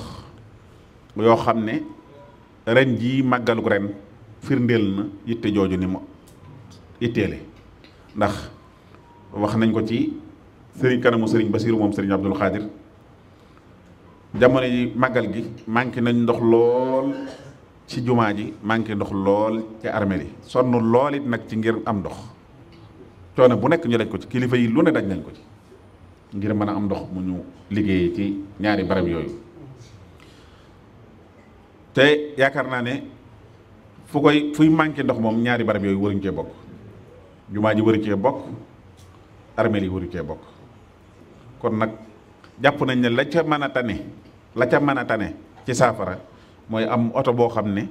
D: yoo xam ne ren jii màggalu ren firndeel na yitte jooju ni moom yitteele ndax wax nañ ko ci sëriñ kanamu sëriñ Basiiru moom sëriñ Abdul Xaadir jamono yi màggal gi manqué nañ ndox lool ci jumaa ji manqué ndox lool ci armeel yi sonn lool it nag ci ngir am ndox coono bu nekk ñu daj ko ci kilifa yi lu ne daj nañ ko ci ngir mën a am ndox mu ñu liggéeyee ci ñaari barab yooyu te yaakaar naa ne fu koy fuy manqué ndox moom ñaari barab yooyu waruñ cee bokk jumaa ji waru cee bokk armeel yi waru cee bokk kon nag jàpp nañ ne la ca mën a tane la ca mën a tane ci saafara mooy am oto boo xam ne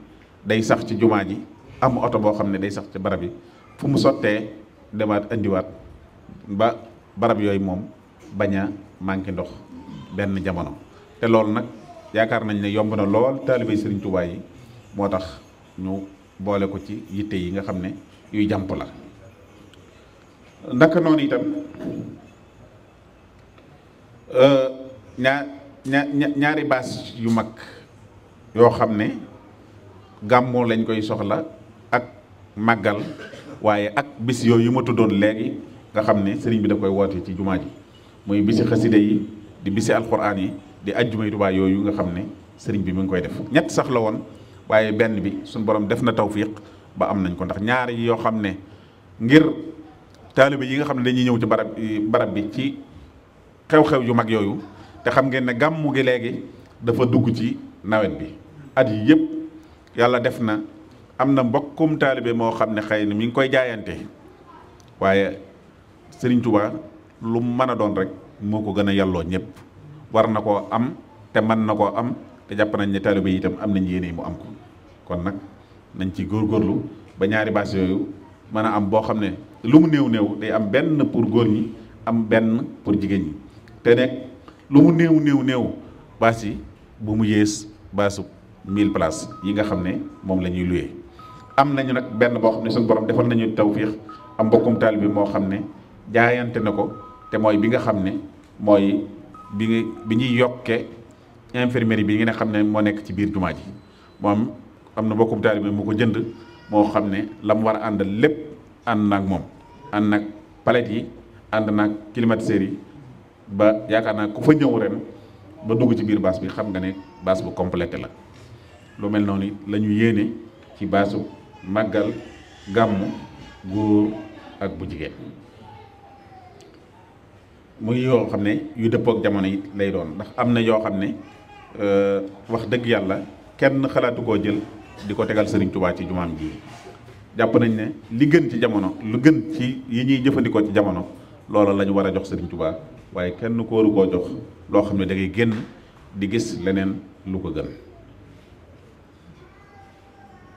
D: day sax ci jumaa ji am oto boo xam ne day sax ci barab yi fu mu sottee demaat indiwaat ba barab yooyu moom bañ a manqué ndox benn jamono te loolu nag yaakaar nañ ne yomb na lool taalibe Sëriñ Tuubaa yi moo tax ñu boole ko ci yitte yi nga xam ne yuy jàmp la naka noonu itam euh, ñaar ñaari baas yu mag yoo xam ne gàmmoo lañ koy soxla ak màggal waaye ak bis yooyu yu ma tuddoon léegi nga xam ne sëriñ bi da koy woote ci jumaa ji muy bisi xasida yi di bisi alxuraan yi di ajjumay Tuubaa yooyu nga xam ne sëriñ bi mu ngi koy def ñett sax la woon waaye benn bi suñ boroom def na tawfiq ba am nañ ko ndax ñaar yoo xam ne ngir taalibe yi nga xam ne dañuy ñëw ci barab barab bi ci xew-xew yu mag yooyu te xam ngeen ne gàmmu gi léegi dafa dugg ci nawet bi at yi yëpp yàlla def na am na mbokkum taalibe moo xam ne xëy na mi ngi koy jaayante waaye Sëriñ Tuubaa lu mën a doon rek moo ko gën a yàlloo ñëpp war na koo am te mën na koo am te jàpp nañ ne taalibe yi itam am nañ yéene mu am ko kon nag nañ ci góorgóorlu ba ñaari bâche yooyu mën a am boo xam ne lu mu néew néew day am benn pour góor ñi am benn pour jigéen ñi te nekk lu mu néew néew néew yi bu mu yées bâche mille places yi nga xam ne moom la ñuy loué am nañu nag benn boo xam ne suñu borom defal nañu tawfiix am mbokkum taalibe bi moo xam ne jaayante na ko te mooy bi nga xam ne mooy bi nga bi ñuy yokke infirmerie bi nga xam ne moo nekk ci biir jumaa ji moom am na mbokkum taalibe mu ko jënd moo xam ne la mu war a àndal lépp ànd naag moom ànd naag palette yi ànd naag climatiseur yi ba yaakaar naa ku fa ñëw ren ba dugg ci biir baas bi xam nga ne baas bu complété la lu mel noonu it yéene ci baasu màggal gàmmu góor ak bu jigéen muy yoo xam ne yu dëppook jamono yi lay doon ndax am na yoo xam ne euh, wax dëgg yàlla kenn xalaatu koo jël di ko tegal Serigne Touba ci jumaam ji jàpp nañ ne li gën ci jamono lu gën ci yi ñuy jëfandikoo ci jamono loola la ñu war a jox Serigne Touba waaye kenn ko waru koo jox loo xam ne dangay ngay génn di gis leneen lu ko gën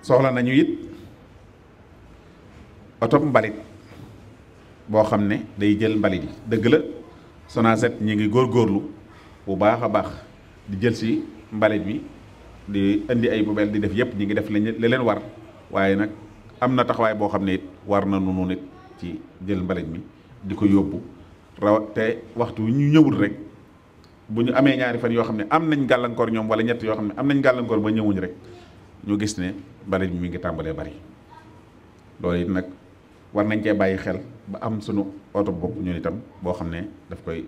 D: soxla nañu it oto mbalit boo xam ne day jël mbalit yi dëgg la. sonaa set ñi ngi góor góorlu bu baax a baax di jël si mbalit bi di indi ay poubelle di def yëpp ñi ngi def la leen war waaye nag am na taxawaay boo xam ne it war na nu nit ci jël mbalit mi di ko yóbbu rawat te waxtu ñu ñëwul rek bu ñu amee ñaari fan yoo xam ne am nañ gàllankoor ñoom wala ñett yoo xam ne am nañ gàllankoor ba ñëwuñ rek ñu gis ne mbalit mi mi ngi tàmbalee bari loolu it nag war nañ cee bàyyi xel ba am sunu oto bopp ñun itam boo xam ne daf koy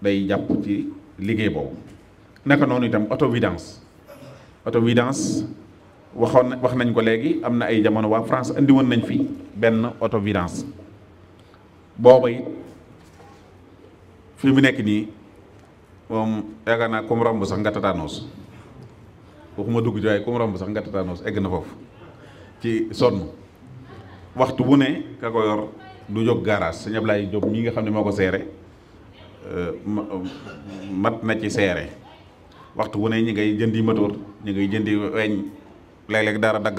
D: day jàpp ci liggéey boobu naka noonu itam auto vidange auto vidange waxoon na wax nañ ko léegi am na ay jamono waa France andi nañ fi benn oto vidange booba it fi mu nekk nii moom yaakaar naa kum romb sax nga tatanoos waxuma dugg ci waaye kum romb sax nga tatanoos egg na foofu ci sonn waxtu bu ne ka ko yor du jóg garage sëñ Ablaye Diop mii nga xam ne moo ko seere euh, euh, mat na ci seere waxtu bu ne ñi ngay jëndi moteur ñu ngay jëndi weñ léeg-léeg dara dagg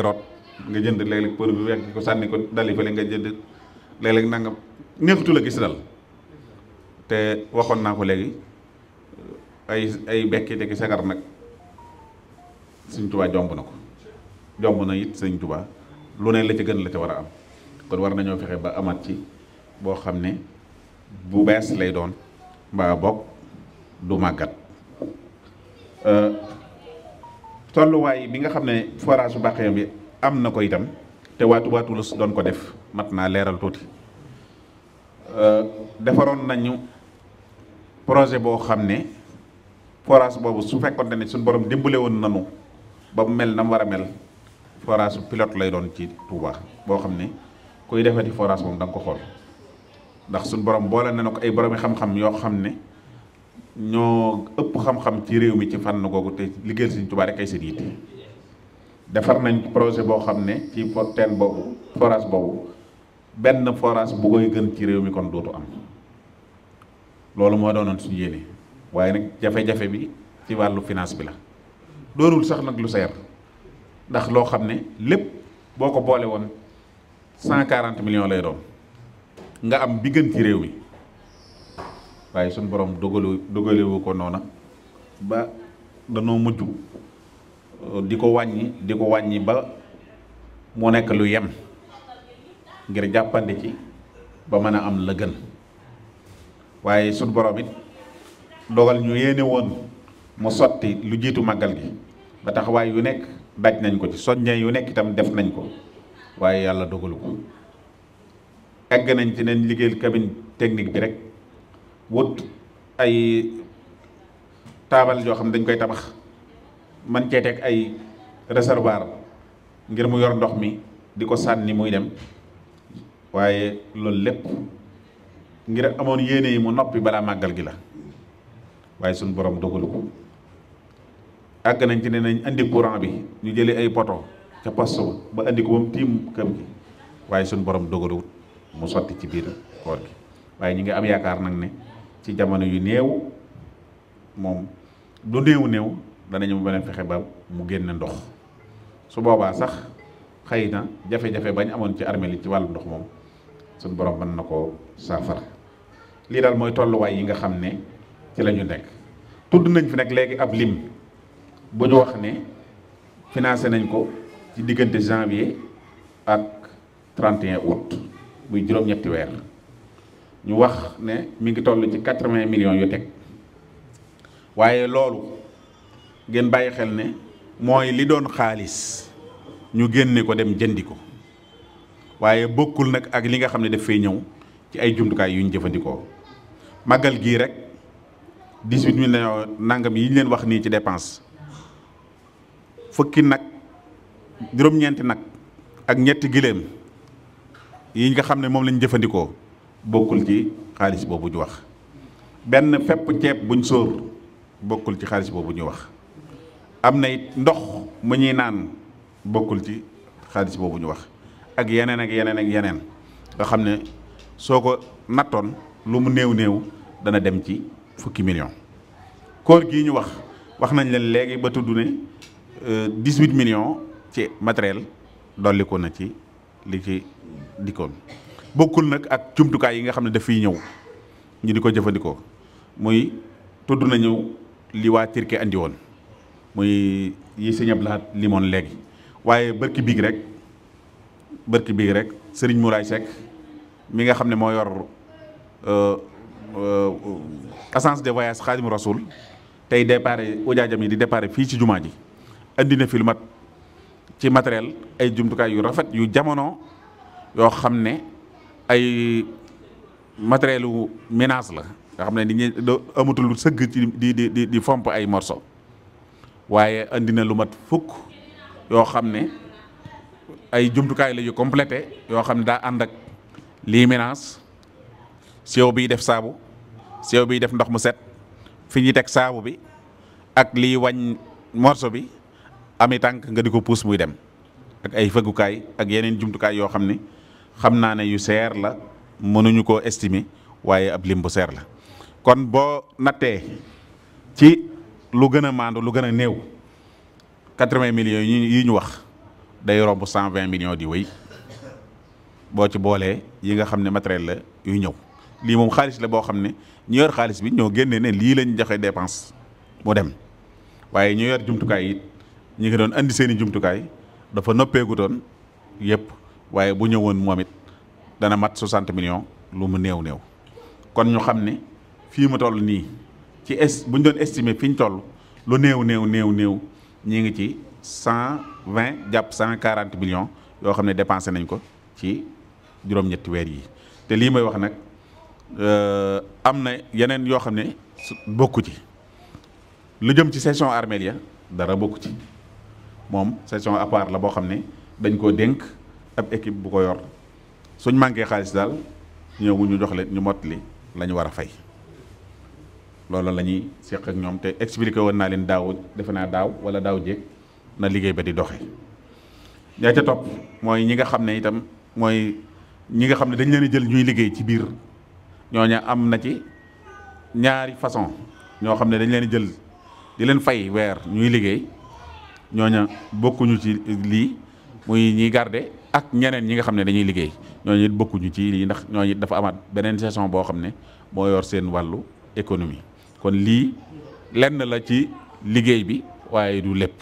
D: nga jënd léeg-léeg për bi ko sànni ko dali fële nga jënd léeg-léeg nangam neexutu la gis dal te waxoon naa ko léegi euh, ay ay bekkite ki sagar nag sëñ Tuubaa jomb na ko jomb na it sëñ Tuubaa lu ne la ci gën la ci war a am kon war nañoo fexe ba amaat ci boo xam ne bu bees lay doon mbaa bokk du màggat euh, tolluwaay bi nga xam ne forage su Bakhya bi am na ko itam te waa Touba Toulouse doon ko def mat naa leeral tuuti euh, defaroon nañu projet boo xam ne forage boobu su fekkoon ne suñu borom dimbale woon nanu ba mu mel na mu war a mel forage su pilote lay doon ci Touba boo xam ne. kuy defati forage moom danga ko xool ndax suñ borom boole na ko ay boromi xam-xam yoo xam ne ñoo ëpp xam-xam ci réew mi ci fànn googu te liggéeyal Sëriñ Tuubaa rek ay seen yitte defar nañ projet boo xam ne ci teen boobu forage boobu benn forage bu koy gën ci réew mi kon dootu am loolu moo doonoon suñu yéene waaye nag jafe-jafe bi ci wàllu finance bi la doorul sax nag lu seer ndax loo xam ne lépp boo ko boole woon cent quarante millions lay doon nga am bi ci réew mi waaye suñ borom dogale dogalewu ko noona ba danoo mujj uh, di ko wàññi di ko wàññi ba mu nekk lu yem ngir jàppandi ci ba mën a am la gën waaye suñ borom it dogal ñu yéene woon mu sotti lu jiitu màggal gi ba taxawaay yu nekk daj nañ ko ci soññee yu nekk itam def nañ ko waaye yàlla dogalu ko yàgg nañ ci neen liggéeyal cabine technique bi rek wut ay taabal joo xam dañ koy tabax man cee teg ay réservoir ngir mu yor ndox mi di ko sànni muy dem waaye loolu lépp ngir amoon yéene yi mu noppi balaa màggal gi la waaye suñ borom dogalu ko àgg nañ ci ne nañ indi courant bi ñu jëlee ay poto ca poste ba ba andi ko ba mu tiim kër gi waaye suñ boroom dogaluwut mu sotti ci biir koor gi waaye ñu ngi am yaakaar nag ne ci jamono yu néew moom lu néewu néew danañu beneen fexe ba mu génne ndox su boobaa sax xëy na jafe-jafe bañ amoon ci armée ci wàllu ndox moom suñ borom mën na ko saafara lii daal mooy tolluwaay yi nga xam ne ci lañu nekk tudd nañ fi nag léegi ab lim bu ñu wax ne financé nañ ko ci diggante janvier ak 31 août muy juróom-ñetti weer ñu wax ne mi ngi toll ci 80 million yu teg waaye loolu ngeen bàyyi xel ne mooy li doon xaalis ñu génne ko dem jëndi ko waaye bokkul nag ak li nga xam ne daf fay ñëw ci ay jumtukaay yu ñu jëfandikoo màggal gii rek 18 millions nangam yi ñu leen wax nii ci dépense fukki nag. juróom-ñeenti nag ak ñetti giléem yi nga xam ne moom lañ jëfandikoo bokkul ci xaalis boobu ñu wax benn fepp ceeb buñ sóor bokkul ci xaalis boobu ñu wax am na it ndox mu ñuy naan bokkul ci xaalis boobu ñu wax ak yeneen ak yeneen ak yeneen nga xam ne soo ko nattoon lu mu néew néew dana dem ci fukki million koor gi ñu wax wax nañ leen léegi ba tudd ne euh, dix-huit ci matériel dolliku na ci li ci dikkoon bokkul nag ak jumtukaay yi nga xam ne dafay ñëw ñu di ko jëfandikoo muy tudd nañu li waa Turquie andi woon muy yi sëñ Abdou Lahad limoon léegi waaye bërki biig rek bërki biig rek sëriñ Moulay Seck mi nga xam ne moo yor euh, euh, agence de voyage Xaadimu Rasuul tey départ ujaajam yi di départ fii ci jumaa ji andi na fi ci matériel ay jumtukaay yu rafet yu jamono yoo xam ne ay matériel yu ménage la nga xam ne nit ñi amatul lu sëgg ci di di di fomp ay morso waaye andi lu mat fukk yoo xam ne ay jumtukaay la yu complété yoo xam ne daa ànd ak lii ménage sew biy def saabu sew bii def ndox mu set fi ñuy teg saabu bi ak lii wañ morso bi ami tànk nga di ko puus muy dem ak ay fëggukaay ak yeneen jumtukaay yoo xam ni xam naa ne yu seer la mënuñu koo estimer waaye ab lim bu seer la kon boo nattee ci lu gën a maandu lu gën a néew quatre-vingts millions yi ñu wax day romb cent vingt million di wéy boo ci boolee yi nga xam ne matériel la yu ñëw lii moom xaalis la boo xam ne ñu yor xaalis bi ñoo génnee ne lii lañ joxe dépense mu dem waaye ñu yor jumtukaay yi ñu ngi doon indi seen i jumtukaay dafa noppeeku doon yëpp waaye bu ñëwoon moom it dana mat 60 million lu mu néew néew kon ñu xam ne fii mu toll nii ci est bu doon estimer fi ñu toll lu néew néew néew néew ñi ngi ci cent 120 jàpp cent quarante millions yoo xam ne dépensé nañ ko ci juróom-ñetti weer yi te lii may wax nag euh, am na yeneen yoo xam ne bokku ci lu jëm ci session armée ya dara bokku ci moom section à la boo xam ne dañ koo dénk ab équipe bu ko yor suñ manqué xaalis daal ñëwuñu ñu jox leen ñu mottali la ñu war a fay loolu la ñuy seq ak ñoom te expliqué woon naa leen daaw defe naa daaw wala daaw jéeg na liggéey ba di doxe ñaa ca topp mooy ñi nga xam ne itam mooy ñi nga xam ne dañ leen jël ñuy liggéey ci biir ñooña am na ci ñaari façon ñoo xam ne dañ leen jël di leen fay weer ñuy liggéey ñooña bokkuñu ci lii muy ñiy garde ak ñeneen ñi nga xam ne dañuy liggéey ñooñu it bokkuñu ci lii ndax ñooñu it dafa amaat beneen saison boo xam ne moo yor seen wàllu économie kon lii lenn la ci liggéey bi waaye du lépp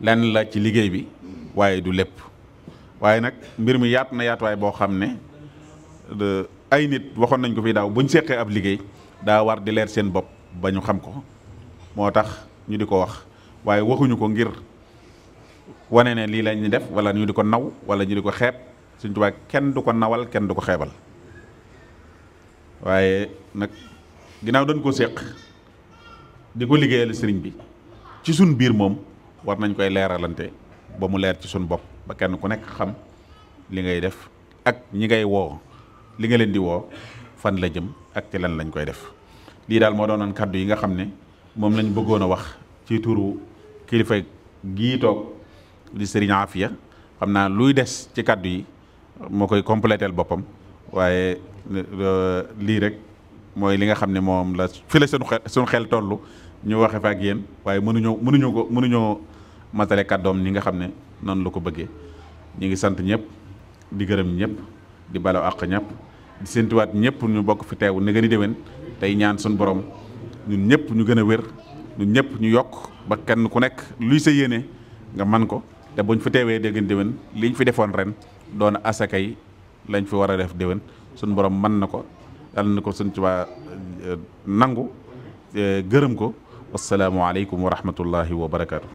D: lenn la ci liggéey bi waaye du lépp waaye nag mbir mi yaat na yaatuwaay boo xam ne ay nit waxoon nañ ko fi daaw buñ seqee ab liggéey daa war di leer seen bopp ba ñu xam ko moo tax ñu di ko wax waaye waxuñu ko ngir wane ne lii la def wala ñu di ko naw wala ñu di ko xeeb Sëñ Tuubaa kenn du ko nawal kenn du ko xeebal waaye nag ginnaaw dañ ko séq di ko liggéeyal sëriñ bi ci suñ biir moom war nañ koy leeralante ba mu leer ci sun bopp ba kenn ku nekk xam li ngay def ak ñi ngay woo li nga leen di woo fan la jëm ak ci lan lañ koy def lii daal moo doon doonoon kàddu yi nga xam ne moom lañ bëggoon a wax ci turu kilifa gii toog di Serigne Afia xam naa luy des ci kàddu yi moo koy complétel boppam waaye euh, lii rek mooy li nga xam ne moom la fi la sunu xel sunu xel toll ñu waxe fa ak yéen waaye mënuñoo mënuñu ko mënuñoo matale kàddoom ni nga xam ne noonu la ko bëggee ñu ngi sant ñëpp di gërëm ñëpp di balaw àq ñëpp di séntuwaat ñëpp ñu bokk fi teew ni gën déwén tey ñaan suñu borom ñun ñëpp ñu gën a wér ñun ñëpp ñu yokk ba kenn ku nekk luy sa yéene nga man ko te buñ fi teewee dégg déwén liñ fi defoon ren doon asakay lañ fi war a def déwén suñ borom mën na ko yàlla na ko suñ Tuubaa eh, nangu eh, gërëm ko wasalaamualeykum wa rahmatullahi wa
C: barakaatu.